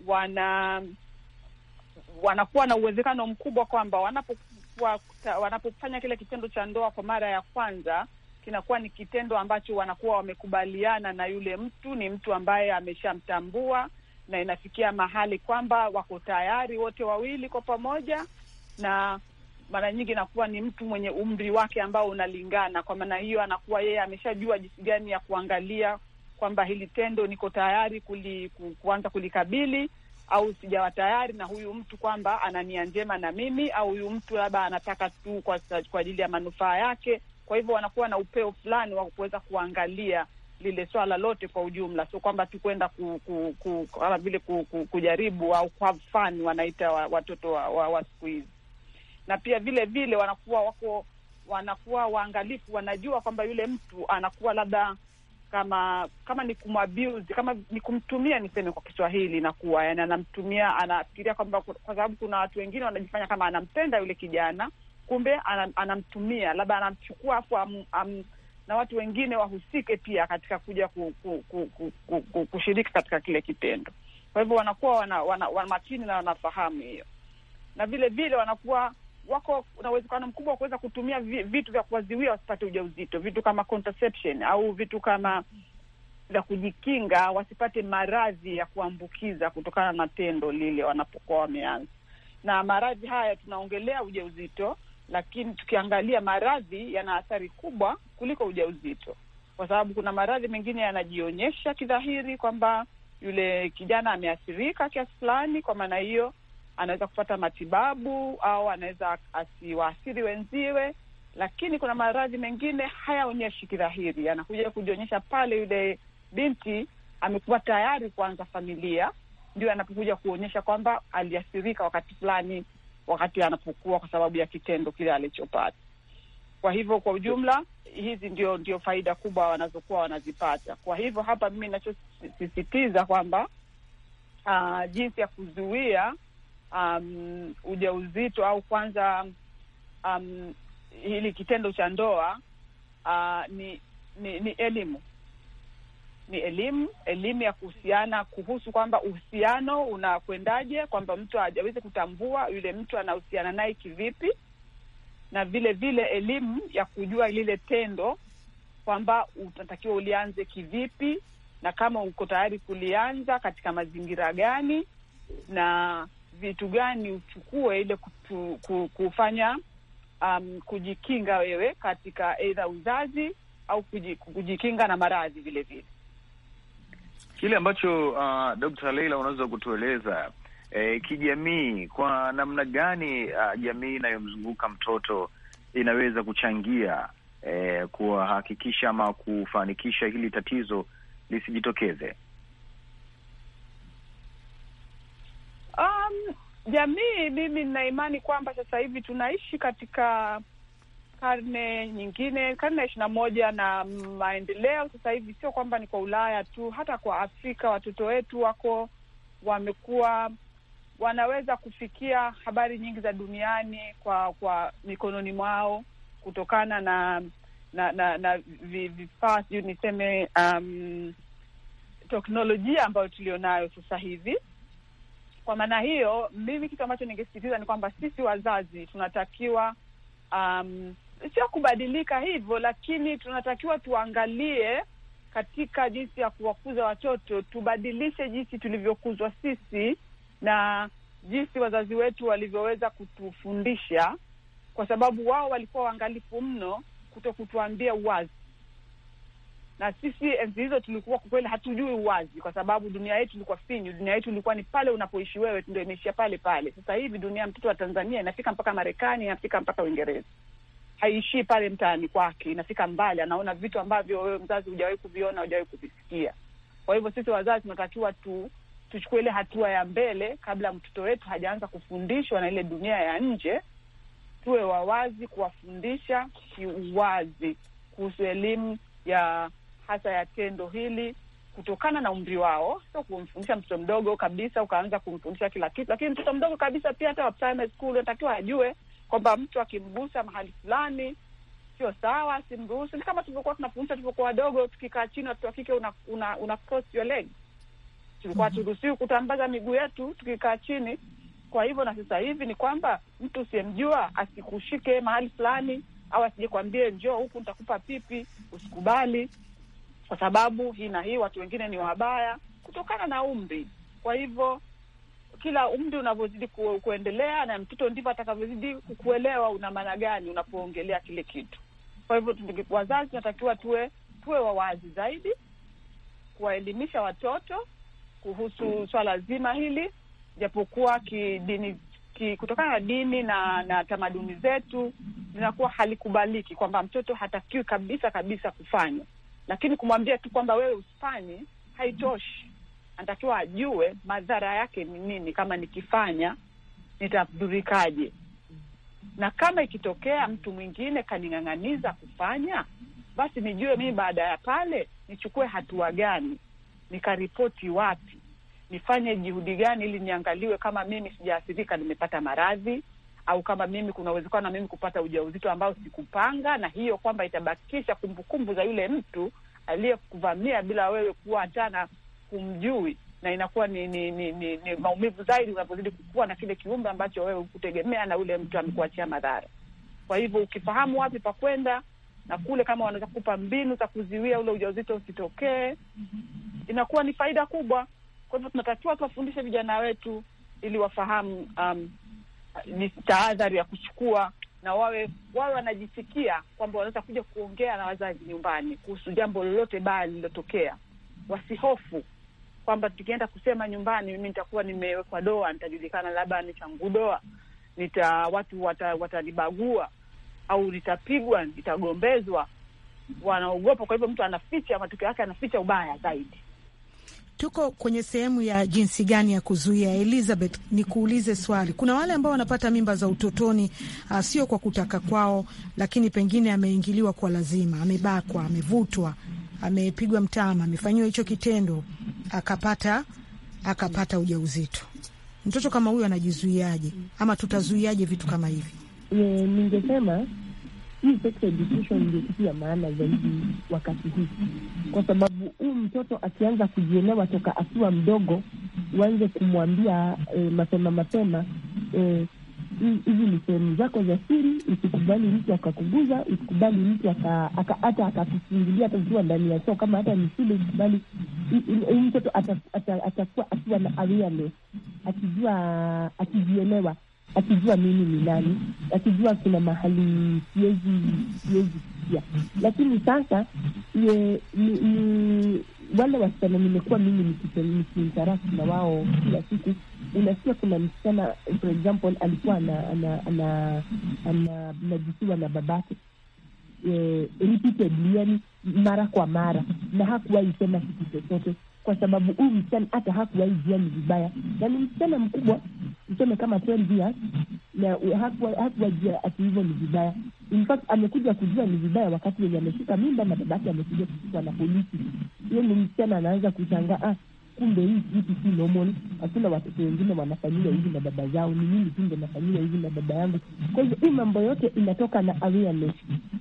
wana wanakuwa na uwezekano mkubwa kwamba wanapokuwa wanapofanya kile kitendo cha ndoa kwa mara ya kwanza kinakuwa ni kitendo ambacho wanakuwa wamekubaliana na yule mtu, ni mtu ambaye ameshamtambua na inafikia mahali kwamba wako tayari wote wawili kwa pamoja, na mara nyingi inakuwa ni mtu mwenye umri wake ambao unalingana. Kwa maana hiyo, anakuwa yeye ameshajua jinsi gani ya kuangalia kwamba hili tendo niko tayari kuli, ku, kuanza kulikabili au sijawa tayari, na huyu mtu kwamba ana nia njema na mimi, au huyu mtu labda anataka tu kwa ajili ya manufaa yake kwa hivyo wanakuwa na upeo fulani wa kuweza kuangalia lile swala lote kwa ujumla, sio kwamba tu kwenda ku, ku, ku, kama vile ku, ku, kujaribu au have fun wanaita watoto wa, wa, wa siku hizi. Na pia vile vile wanakuwa wako wanakuwa waangalifu, wanajua kwamba yule mtu anakuwa labda kama kama ni kumabuse, kama ni kumtumia, niseme kwa Kiswahili inakuwa yani anamtumia, anafikiria kwamba, kwa sababu kuna watu wengine wanajifanya kama anampenda yule kijana kumbe anamtumia labda anamchukua afu am, am, na watu wengine wahusike pia katika kuja ku, ku, ku, ku, ku, ku, kushiriki katika kile kitendo. Kwa hivyo wanakuwa wana, wana, wana makini na wanafahamu hiyo, na vile vile wanakuwa wako na uwezekano mkubwa wa kuweza kutumia vitu vya kuwaziwia wasipate ujauzito, vitu kama contraception au vitu kama vya kujikinga wasipate maradhi ya kuambukiza kutokana na tendo lile wanapokuwa wameanza. Na maradhi haya tunaongelea ujauzito, lakini tukiangalia maradhi yana athari kubwa kuliko ujauzito, kwa sababu kuna maradhi mengine yanajionyesha kidhahiri kwamba yule kijana ameathirika kiasi fulani. Kwa maana hiyo, anaweza kupata matibabu au anaweza asiwaathiri wenziwe, lakini kuna maradhi mengine hayaonyeshi kidhahiri, yanakuja kujionyesha pale yule binti amekuwa tayari kuanza familia, ndio anapokuja kuonyesha kwamba aliathirika wakati fulani wakati anapokuwa, kwa sababu ya kitendo kile alichopata. Kwa hivyo kwa ujumla, hizi ndio ndio faida kubwa wanazokuwa wanazipata. Kwa hivyo hapa mimi inachosisitiza kwamba uh, jinsi ya kuzuia um, ujauzito au kwanza um, hili kitendo cha ndoa uh, ni, ni, ni elimu ni elimu, elimu ya kuhusiana kuhusu kwamba uhusiano unakwendaje, kwamba mtu hajawezi kutambua yule mtu anahusiana naye kivipi, na vile vile elimu ya kujua lile tendo kwamba unatakiwa ulianze kivipi, na kama uko tayari kulianza katika mazingira gani, na vitu gani uchukue ile kutu, kufanya um, kujikinga wewe katika aidha uzazi au kujikinga na maradhi vile vile kile ambacho uh, Dr. Leila unaweza kutueleza eh, kijamii, kwa namna gani uh, jamii inayomzunguka mtoto inaweza kuchangia eh, kuwahakikisha ama kufanikisha hili tatizo lisijitokeze? Um, jamii, mimi nina imani kwamba sasa hivi tunaishi katika karne nyingine, karne ya ishirini na moja na maendeleo sasa hivi, sio kwamba ni kwa Ulaya tu, hata kwa Afrika watoto wetu wako wamekuwa wanaweza kufikia habari nyingi za duniani kwa kwa mikononi mwao kutokana na na na, na vifaa sijui niseme um, teknolojia ambayo tulionayo sasa hivi. Kwa maana hiyo, mimi kitu ambacho ningesisitiza ni kwamba sisi wazazi tunatakiwa um, sio kubadilika hivyo, lakini tunatakiwa tuangalie katika jinsi ya kuwakuza watoto, tubadilishe jinsi tulivyokuzwa sisi na jinsi wazazi wetu walivyoweza kutufundisha, kwa sababu wao walikuwa waangalifu mno kuto kutuambia uwazi, na sisi enzi hizo tulikuwa kwa kweli hatujui uwazi, kwa sababu dunia yetu ilikuwa finyu. Dunia yetu ilikuwa ni pale unapoishi wewe, ndo imeishia pale pale. Sasa hivi dunia ya mtoto wa Tanzania inafika mpaka Marekani, inafika mpaka Uingereza haiishii pale mtaani kwake, inafika mbali, anaona vitu ambavyo wewe mzazi hujawahi kuviona, hujawahi kuvisikia. Kwa hivyo sisi wazazi tunatakiwa tu tuchukue ile hatua ya mbele kabla mtoto wetu hajaanza kufundishwa na ile dunia ya nje, tuwe wawazi kuwafundisha kiuwazi kuhusu elimu ya hasa ya tendo hili kutokana na umri wao, sio kumfundisha mtoto mdogo kabisa ukaanza kumfundisha kila kitu. Lakini mtoto mdogo kabisa pia, hata wa primary school, unatakiwa ajue kwamba mtu akimgusa mahali fulani sio sawa, simruhusu. Ni kama tulivyokuwa tunafundisha tulivyokuwa wadogo, tukikaa chini watoto wa kike una, una, una cross your leg. Tulikuwa mhm. turuhusiwi kutambaza miguu yetu tukikaa chini. Kwa hivyo na sasa hivi ni kwamba mtu usiyemjua asikushike mahali fulani, au asijekwambie njoo huku nitakupa pipi, usikubali kwa sababu hii na hii, watu wengine ni wabaya kutokana na umri. Kwa hivyo kila umri unavyozidi ku, kuendelea na mtoto ndivyo atakavyozidi kuelewa una maana gani unapoongelea kile kitu. Kwa hivyo wazazi tunatakiwa tuwe tuwe wawazi zaidi kuwaelimisha watoto kuhusu swala zima hili, japokuwa kidini ki, kutokana na dini na na tamaduni zetu linakuwa halikubaliki kwamba mtoto hatakiwi kabisa kabisa kufanya, lakini kumwambia tu kwamba wewe usifanye haitoshi anatakiwa ajue madhara yake ni nini, kama nikifanya nitadhurikaje, na kama ikitokea mtu mwingine kaning'ang'aniza kufanya, basi nijue mimi baada ya pale nichukue hatua gani, nikaripoti wapi, nifanye juhudi gani ili niangaliwe kama mimi sijaathirika, nimepata maradhi au kama mimi kuna uwezekano na mimi kupata ujauzito ambao sikupanga, na hiyo kwamba itabakisha kumbukumbu za yule mtu aliyekuvamia bila wewe kuwa hata na humjui na inakuwa ni ni, ni, ni, ni maumivu zaidi unapozidi kukua na kile kiumbe ambacho wewe hukutegemea na ule mtu amekuachia madhara. Kwa hivyo ukifahamu wapi pa kwenda na kule, kama wanaweza kupa mbinu za kuziwia ule ujauzito usitokee, inakuwa ni faida kubwa. Kwa hivyo tunatakiwa tuwafundishe vijana wetu ili wafahamu um, ni tahadhari ya kuchukua na wawe wawe wanajisikia kwamba wanaweza kuja kuongea na wazazi nyumbani kuhusu jambo lolote baya lililotokea, wasihofu kwamba tukienda kusema nyumbani, mimi nitakuwa nimewekwa doa, nitajulikana labda ni changu doa, nita watu watanibagua wata au nitapigwa, nitagombezwa. Wanaogopa, kwa hivyo mtu anaficha matokeo yake, anaficha ubaya zaidi. Tuko kwenye sehemu ya jinsi gani ya kuzuia. Elizabeth, nikuulize swali. Kuna wale ambao wanapata mimba za utotoni, uh, sio kwa kutaka kwao, lakini pengine ameingiliwa kwa lazima, amebakwa, amevutwa, amepigwa mtama, amefanyiwa hicho kitendo, akapata akapata ujauzito. Mtoto kama huyu anajizuiaje, ama tutazuiaje vitu kama hivi? Ningesema hii sex education ndio kitu ya maana zaidi wakati huu, kwa sababu huu mtoto akianza kujielewa toka akiwa mdogo, uanze kumwambia e, mapema mapema e, hizi ni sehemu zako za siri, usikubali mtu akakuguza, usikubali mtu hata akakusingilia hata ukiwa ndani ya soo, kama hata ni shule, usikubali huyu mtoto atakuwa akiwa na awareness, akijua, akijielewa, akijua mimi ni nani, akijua kuna mahali siwezi siwezi kufikia. Lakini sasa ye, ni, ni, wale wasichana nimekuwa mimi nikiinteract na wao kila siku unasikia kuna msichana for example alikuwa anajisiwa na babake e, repeatedly yani mara kwa mara, na hakuwahi sema kitu chochote kwa sababu huyu msichana hata hakuwahi jua ni vibaya, na ni msichana mkubwa, tuseme kama 12 years, na hakuwajua ati hivyo ni vibaya. In fact amekuja kujua ni vibaya wakati wenye ameshika mimba na babake amekuja kushikwa na polisi. Hiyo ni msichana anaanza kushangaa ah, kumbe hii vitu si normal, hakuna watoto wengine wanafanyiwa hivi na baba zao, ni mimi tu ndo nafanyiwa hivi na baba yangu. Kwa hivyo hii mambo yote inatoka na awareness,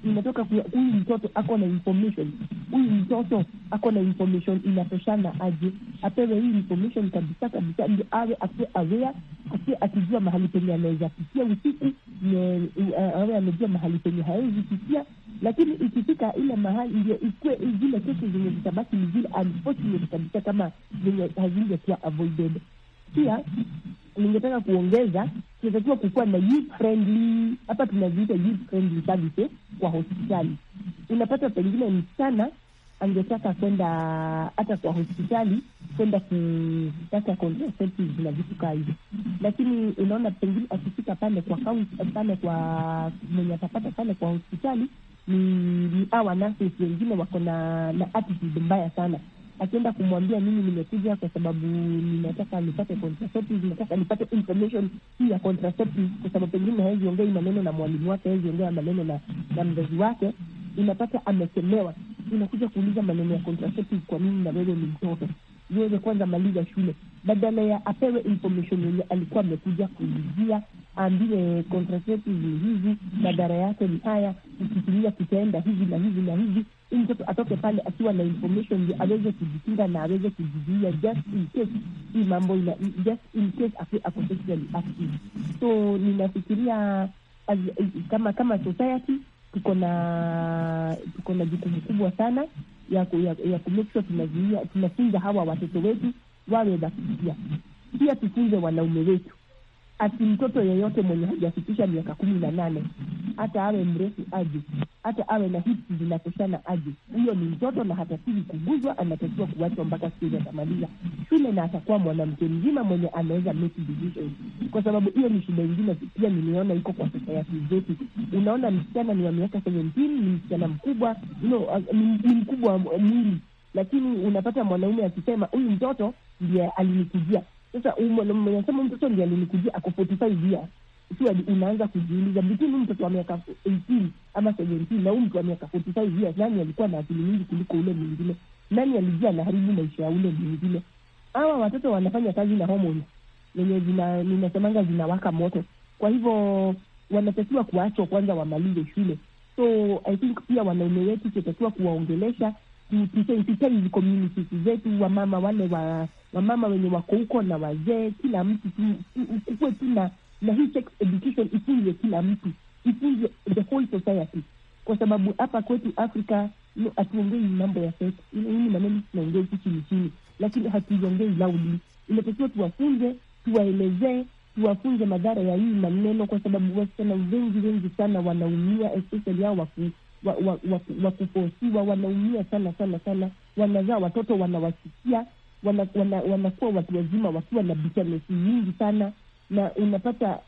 inatoka huyu mtoto ako na information, huyu mtoto ako na information, inatoshana aje? Apewe hii information kabisa kabisa, ndio awe ake aware, akuwe akijua mahali penye anaweza pitia usiku, eh, awe amejua mahali penye hawezi pitia lakini ikifika ile mahali ndio ikuwe zile kesi zenye zitabaki ni zile unfortunate kabisa, kama zenye hazingekuwa avoided. Pia ningetaka kuongeza, tunatakiwa kukuwa na youth friendly, hapa tunaziita youth friendly services eh, kwa hospitali. Unapata pengine msichana angetaka kwenda hata kwa hospitali kwenda kupata contraceptives na vitu kaa hivyo, lakini unaona pengine akifika pale kwa kaunti, pale kwa mwenye atapata pale kwa hospitali ni hawa nurses wengine wako na na attitude mbaya sana. Akienda kumwambia mimi nimekuja kwa sababu ninataka nipate contraceptive, nataka nipate information hii ya contraceptive, kwa sababu pengine haweziongei maneno na mwalimu wake, haweziongea maneno na na mzazi wake, inapata amekelewa, inakuja kuuliza maneno ya contraceptive, kwa nini na wewe ni mtoto? iweze kwanza maliza shule, badala ya apewe information yenye alikuwa amekuja kuulizia, aambiwe contraceptive ni hizi, madhara yake ni haya, ukitumia kitaenda hivi na hivi na hivi, ili mtoto atoke pale akiwa na information aweze kujikinga na aweze kujizuia, just in case hii mambo ina, just in case ako sexually active. So ninafikiria as, kama kama society tuko na tuko na jukumu kubwa sana ya, ya, ya kumekisha tunazuia, tunafunza hawa watoto wetu wawe na pia tufunze wanaume wetu ati mtoto yeyote mwenye hajafikisha miaka kumi na nane hata awe mrefu aje, hata awe na hipsi zinakoshana aje, huyo ni mtoto na hatakiwi kuguzwa, anatakiwa kuwachwa mpaka shule atamaliza shule na atakuwa mwanamke mzima mwenye anaweza make decisions, kwa sababu hiyo ni shule ingine pia niliona iko kwa ya zetu. Unaona, msichana ni wa miaka 17 ni msichana mkubwa no, ah, ni mkubwa mwili, lakini unapata mwanaume akisema huyu mtoto ndiye alinikujia sasa mwenye sema mtoto ndiye alinikujia ako 45 years si unaanza kujiuliza between huu mtoto wa miaka 18 ama 17 na huu mtu wa miaka 45 years, nani alikuwa na akili nyingi kuliko ule mwingine? Nani alijia anaharibu maisha ya ule mwingine? Hawa watoto wanafanya kazi na homoni yenye zina, ninasemanga zinawaka moto. Kwa hivyo wanatakiwa kuachwa kwanza wamalize shule. So I think pia wanaume wetu tunatakiwa kuwaongelesha, tusensitize community zetu, wamama wale wa wamama wenye wako huko na wazee, kila mtu kukuwe tu na na hii sex education ifunzwe kila mtu, ifunzwe the whole society, kwa sababu hapa kwetu Afrika hatuongei mambo ya sex. Hii maneno tunaongea huku chini chini, lakini hatuiongei loudly. Inatakiwa tuwafunze, tuwaelezee, tuwafunze madhara ya hii maneno, kwa sababu wasichana wengi wengi sana wanaumia, especially hao waku wa, wa, wa, wa wanaumia sana sana sana, wanazaa watoto wanawasikia wanakuwa watu wazima wakiwa na bitamesi nyingi sana, na unapata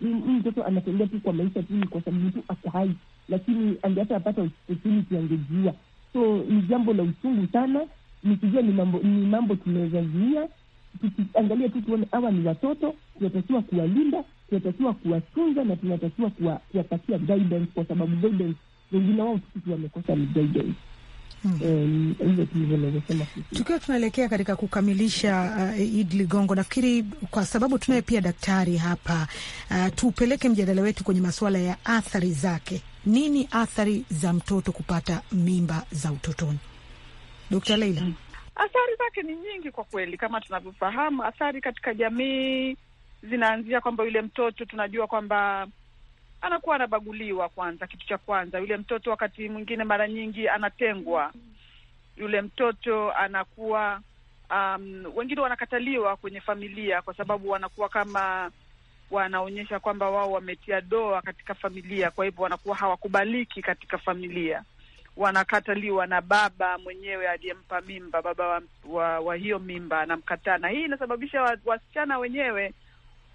huyu mtoto anatembea tu kwa maisha tu, kwa sababu tu ako hai, lakini angehata apata opportunity angejua. So ni jambo la uchungu sana, nikijua ni mambo ni mambo tunaweza zuia. Tukiangalia tu tuone hawa ni watoto, tunatakiwa kuwalinda, tunatakiwa kuwatunza na tunatakiwa kuwapatia guidance, kwa sababu guidance wengine wao tukitu wamekosa ni guidance. Tukiwa tunaelekea katika kukamilisha uh, Idi Ligongo, nafikiri kwa sababu tunaye pia daktari hapa uh, tupeleke mjadala wetu kwenye masuala ya athari zake. Nini athari za mtoto kupata mimba za utotoni, Dokta Leila? Mm. Athari zake ni nyingi kwa kweli, kama tunavyofahamu athari katika jamii zinaanzia kwamba yule mtoto tunajua kwamba anakuwa anabaguliwa kwanza, kitu cha kwanza. Yule mtoto wakati mwingine, mara nyingi, anatengwa. Yule mtoto anakuwa um, wengine wanakataliwa kwenye familia kwa sababu wanakuwa kama wanaonyesha kwamba wao wametia doa katika familia, kwa hivyo wanakuwa hawakubaliki katika familia, wanakataliwa na baba mwenyewe aliyempa mimba. Baba wa, wa, wa hiyo mimba anamkataa, na hii inasababisha wasichana wenyewe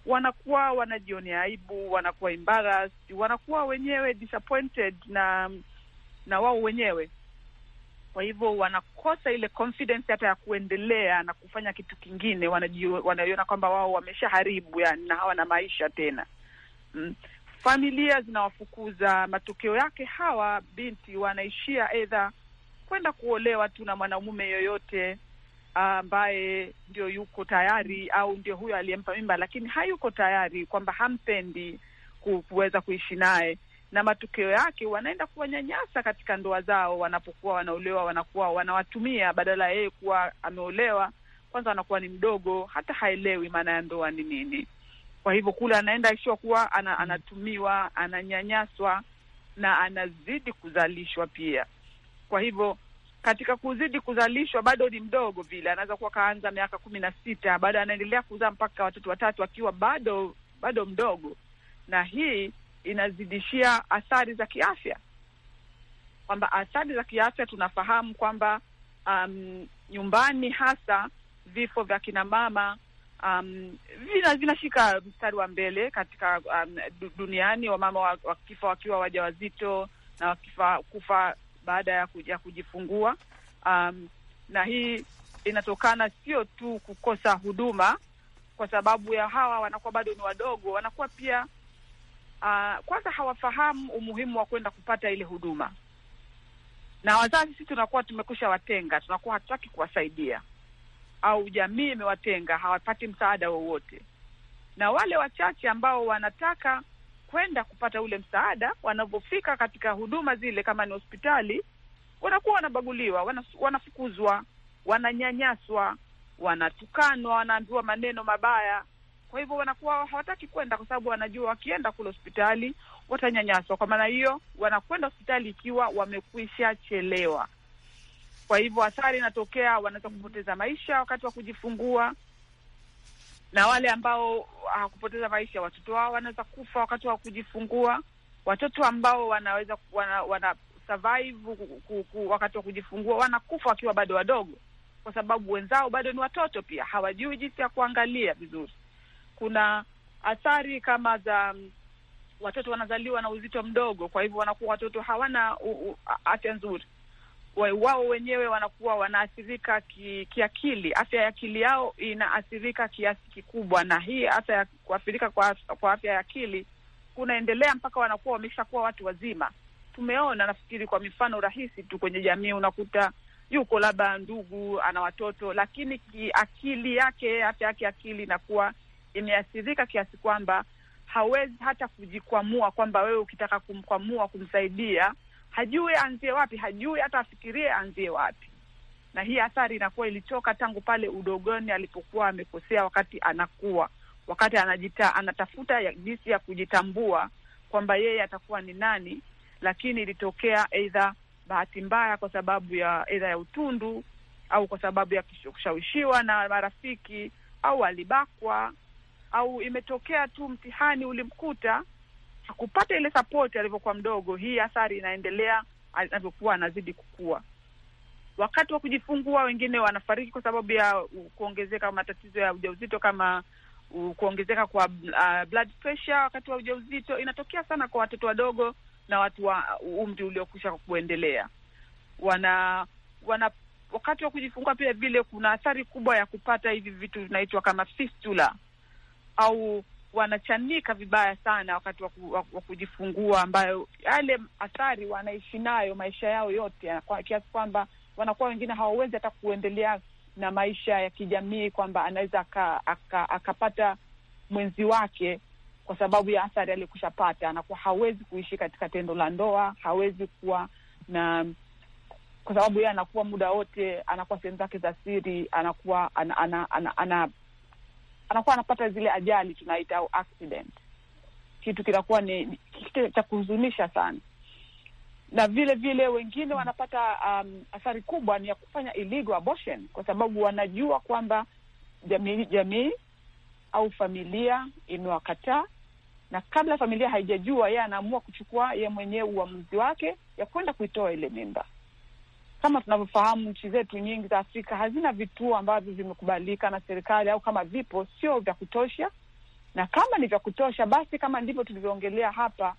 wanakuwa wanajionea aibu, wanakuwa embarrassed, wanakuwa wenyewe disappointed na na wao wenyewe. Kwa hivyo wanakosa ile confidence hata ya kuendelea na kufanya kitu kingine, wanaiona kwamba wao wameshaharibu, yani na hawana maisha tena mm. Familia zinawafukuza. Matokeo yake hawa binti wanaishia edha kwenda kuolewa tu na mwanamume yoyote ambaye ndio yuko tayari au ndio huyo aliyempa mimba, lakini hayuko tayari kwamba hampendi kuweza kuishi naye, na matokeo yake wanaenda kuwanyanyasa katika ndoa zao. Wanapokuwa wanaolewa, wanakuwa wanawatumia, badala ya yeye kuwa ameolewa kwanza, anakuwa ni mdogo, hata haelewi maana ya ndoa ni nini. Kwa hivyo kule anaenda ishiwa kuwa ana, anatumiwa, ananyanyaswa na anazidi kuzalishwa pia. Kwa hivyo katika kuzidi kuzalishwa bado ni mdogo vile, anaweza kuwa kaanza miaka kumi na sita, bado anaendelea kuzaa mpaka watoto watatu akiwa bado bado mdogo, na hii inazidishia athari za kiafya, kwamba athari za kiafya tunafahamu kwamba um, nyumbani hasa vifo vya kina mama um, vina vinashika mstari wa mbele katika um, duniani, wamama wakifa wakiwa wajawazito na wakifa kufa baada ya kujifungua um, na hii inatokana sio tu kukosa huduma kwa sababu ya hawa wanakuwa bado ni wadogo, wanakuwa pia uh, kwanza hawafahamu umuhimu wa kwenda kupata ile huduma, na wazazi sisi tunakuwa tumekusha watenga, tunakuwa hatutaki kuwasaidia au jamii imewatenga, hawapati msaada wowote, na wale wachache ambao wanataka kwenda kupata ule msaada, wanavyofika katika huduma zile, kama ni hospitali, wanakuwa wanabaguliwa, wanafukuzwa, wananyanyaswa, wanatukanwa, wanaambiwa maneno mabaya. Kwa hivyo wanakuwa hawataki kwenda, kwa sababu wanajua wakienda kule hospitali watanyanyaswa. Kwa maana hiyo, wanakwenda hospitali ikiwa wamekwisha chelewa. Kwa hivyo athari inatokea, wanaweza kupoteza maisha wakati wa kujifungua, na wale ambao hawakupoteza maisha, watoto wao wanaweza kufa wakati wa kujifungua, watoto ambao wanaweza wana, wana survive wakati wa kujifungua wanakufa wakiwa bado wadogo, kwa sababu wenzao bado ni watoto, pia hawajui jinsi ya kuangalia vizuri. Kuna athari kama za mm, watoto wanazaliwa na uzito mdogo, kwa hivyo wanakuwa watoto hawana afya nzuri wao wenyewe wanakuwa wanaathirika ki, kiakili. Afya ya akili yao inaathirika kiasi kikubwa, na hii hata ya kuathirika kwa, kwa afya ya akili kunaendelea mpaka wanakuwa wameshakuwa watu wazima. Tumeona, nafikiri kwa mifano rahisi tu kwenye jamii, unakuta yuko labda ndugu ana watoto, lakini kiakili yake, afya yake akili inakuwa imeathirika kiasi kwamba hawezi hata kujikwamua, kwamba wewe ukitaka kumkwamua kumsaidia hajui aanzie wapi, hajui hata afikirie aanzie wapi. Na hii athari inakuwa ilitoka tangu pale udogoni alipokuwa amekosea, wakati anakuwa, wakati anajita, anatafuta ya, jinsi ya kujitambua kwamba yeye atakuwa ni nani, lakini ilitokea aidha bahati mbaya kwa sababu ya aidha ya utundu au kwa sababu ya kushawishiwa na marafiki au alibakwa au imetokea tu mtihani ulimkuta hakupata ile sapoti alivyokuwa mdogo, hii athari inaendelea anavyokuwa anazidi kukua. Wakati wa kujifungua, wengine wanafariki kwa sababu ya kuongezeka matatizo ya ujauzito kama kuongezeka kwa uh, blood pressure wakati wa ujauzito. Inatokea sana kwa watoto wadogo na watu wa umri uliokwisha kuendelea. Wana, wana wakati wa kujifungua pia vile kuna athari kubwa ya kupata hivi vitu vinaitwa kama fistula au wanachanika vibaya sana wakati wa kujifungua, ambayo yale athari wanaishi nayo maisha yao yote, kwa kiasi kwamba wanakuwa wengine hawawezi hata kuendelea na maisha ya kijamii, kwamba anaweza akapata mwenzi wake kwa sababu ya athari pata Anakuwa hawezi kuishi katika tendo la ndoa, hawezi kuwa na kwa sababu yeye anakuwa muda wote anakuwa sehemu zake za siri, anakuwa ana, ana, ana, ana, anakuwa anapata zile ajali tunaita au accident, kitu kinakuwa ni kitu cha kuhuzunisha sana. Na vile vile wengine wanapata um, athari kubwa ni ya kufanya illegal abortion, kwa sababu wanajua kwamba jamii jamii au familia imewakataa, na kabla familia haijajua, yeye anaamua kuchukua yeye mwenyewe uamuzi wake ya kwenda kuitoa ile mimba kama tunavyofahamu nchi zetu nyingi za Afrika hazina vituo ambavyo vimekubalika na serikali, au kama vipo sio vya kutosha, na kama ni vya kutosha, basi kama ndivyo tulivyoongelea hapa,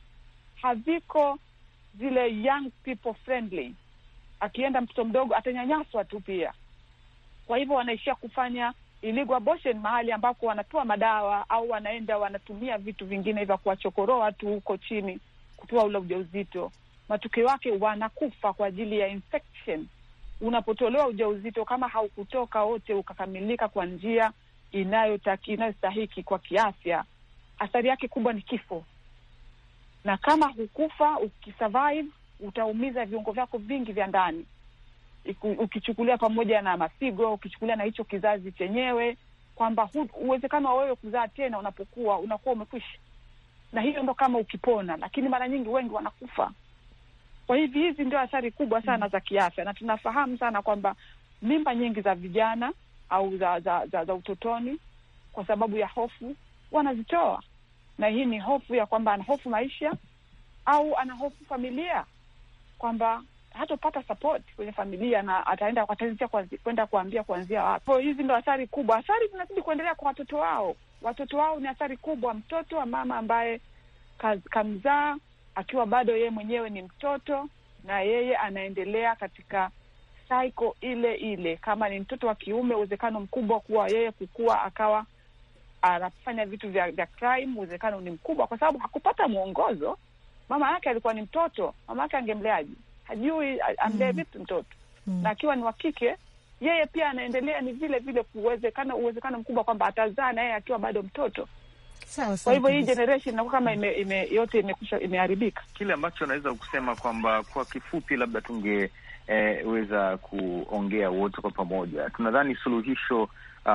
haviko zile young people friendly. Akienda mtoto mdogo atanyanyaswa tu pia. Kwa hivyo wanaishia kufanya illegal abortion mahali ambako wanatoa madawa au wanaenda wanatumia vitu vingine vya kuwachokoroa watu huko chini kutoa ule ujauzito matukio yake wanakufa kwa ajili ya infection. Unapotolewa ujauzito kama haukutoka wote ukakamilika kwa njia inayotaki inayostahiki kwa kiafya, athari yake kubwa ni kifo, na kama hukufa ukisurvive, utaumiza viungo vyako vingi vya ndani, ukichukulia pamoja na mafigo, ukichukulia na hicho kizazi chenyewe, kwamba uwezekano wa wewe kuzaa tena unapokuwa unakuwa umekwisha, na hiyo ndo kama ukipona, lakini mara nyingi wengi wanakufa kwa hivyo hizi ndio athari kubwa sana za kiafya, na tunafahamu sana kwamba mimba nyingi za vijana au za za, za za utotoni kwa sababu ya hofu wanazitoa, na hii ni hofu ya kwamba ana hofu maisha au ana hofu familia kwamba hatopata support kwenye familia na ataenda kwenda kuambia kuanzia wapi. So, hizi ndo athari kubwa, athari zinazidi kuendelea kwa watoto wao. Watoto wao ni athari kubwa. Mtoto wa mama ambaye kamzaa akiwa bado yeye mwenyewe ni mtoto na yeye anaendelea katika saiko ile ile. Kama ni mtoto wa kiume, uwezekano mkubwa kuwa yeye kukua akawa anafanya vitu vya, vya crime, uwezekano ni mkubwa, kwa sababu hakupata mwongozo. Mama yake alikuwa ni mtoto, mama yake angemleaje? Hajui amlee mm. vipi mtoto mm. na akiwa ni wa kike, yeye pia anaendelea ni vile vile, kuwezekana uwezekano mkubwa kwamba atazaa na yeye akiwa bado mtoto. Kwa hivyo hii generation inakuwa kama ime, ime, yote imekusha imeharibika. Kile ambacho naweza kusema kwamba kwa kifupi labda tungeweza eh, kuongea wote kwa pamoja, tunadhani suluhisho Uh,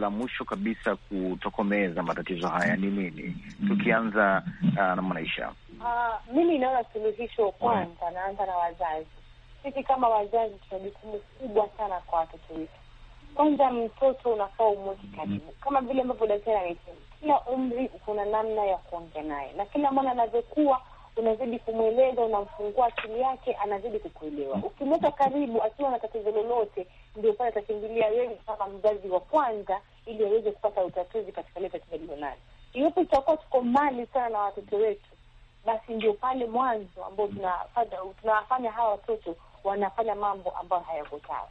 la mwisho kabisa kutokomeza matatizo haya ni nini? Tukianza uh, na Mwanaisha. Uh, mimi naona suluhisho kwanza, naanza na wazazi. Sisi kama wazazi tuna jukumu kubwa sana kwa watoto wetu. Kwanza mtoto unafaa umweke karibu, mm. kama vile ambavyo daktari amesema, kila umri kuna namna ya kuongea naye, na kila mwana anavyokuwa unazidi kumweleza, unamfungua akili yake, anazidi kukuelewa. Ukimweka karibu akiwa na tatizo lolote, ndio pale atakimbilia wewe kama mzazi wa kwanza, ili aweze kupata utatuzi katika lile tatizo alilonalo. Iwapo itakuwa tuko mbali sana na watoto wetu, basi ndio pale mwanzo ambao tunawafanya hawa watoto wanafanya mambo ambayo hayako sawa.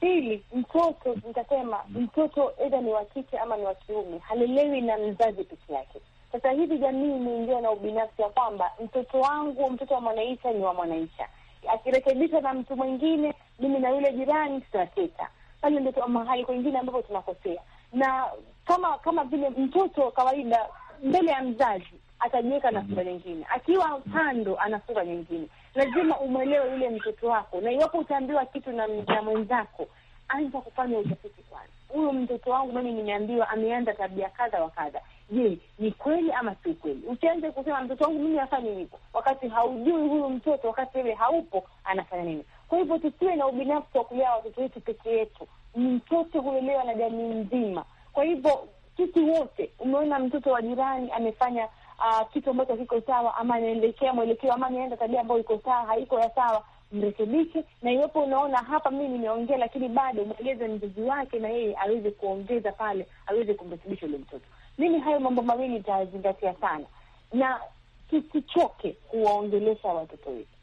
Pili, mtoto nitasema mtoto edha ni wa kike ama ni wa kiume, halelewi na mzazi peke yake. Sasa hivi jamii imeingiwa na ubinafsi ya kwamba mtoto wangu, mtoto wa Mwanaisha ni wa Mwanaisha, akirekebishwa na mtu mwingine, mimi na yule jirani tutateta. Pale ndio mahali kwengine ambapo tunakosea, na kama kama vile mtoto kawaida mbele ya mzazi atajiweka na sura mhm. nyingine, akiwa ana sura nyingine. Lazima umwelewe yule mtoto wako, na iwapo utaambiwa kitu na, mwenzako, anza kufanya utafiti kwanza. Huyu mtoto wangu mimi nimeambiwa ameanza tabia kadha wa kadha, je, ni kweli ama si kweli? Usianze kusema mtoto wangu mimi afanye hivyo, wakati haujui huyu mtoto wakati yule haupo anafanya nini. Kwa hivyo tusiwe na ubinafsi wa kulea watoto wetu peke yetu. Mtoto hulelewa na jamii nzima. Kwa hivyo sisi wote, umeona mtoto wa jirani amefanya uh, kitu ambacho kiko sawa, ama naelekea mwelekeo ama naenda tabia ambayo iko sawa, haiko ya sawa, mrekebishe. Na iwapo unaona hapa mimi nimeongea, lakini bado mweleze mzazi wake, na yeye aweze kuongeza pale, aweze kumrekebisha ule mtoto. Mimi hayo mambo mawili itayazingatia sana, na tusichoke kuwaongelesha watoto wetu,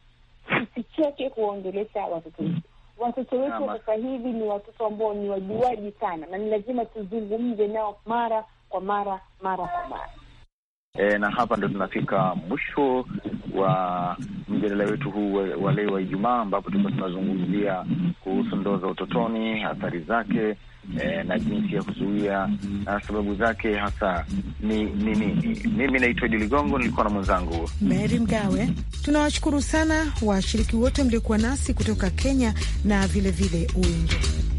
tusichoke kuwaongelesha watoto wetu. Watoto wetu sasa hivi ni watoto ambao ni wajuaji sana, na ni lazima tuzungumze nao mara kwa mara mara kwa mara. E, na hapa ndo tunafika mwisho wa mjadala wetu huu wa leo wa Ijumaa, ambapo tulikuwa tunazungumzia kuhusu ndoa za utotoni, athari zake e, na jinsi ya kuzuia na sababu zake hasa ni nini. Mimi naitwa Idi Ligongo, nilikuwa na mwenzangu Meri Mgawe. Tunawashukuru sana washiriki wote mliokuwa nasi kutoka Kenya na vilevile Uingereza.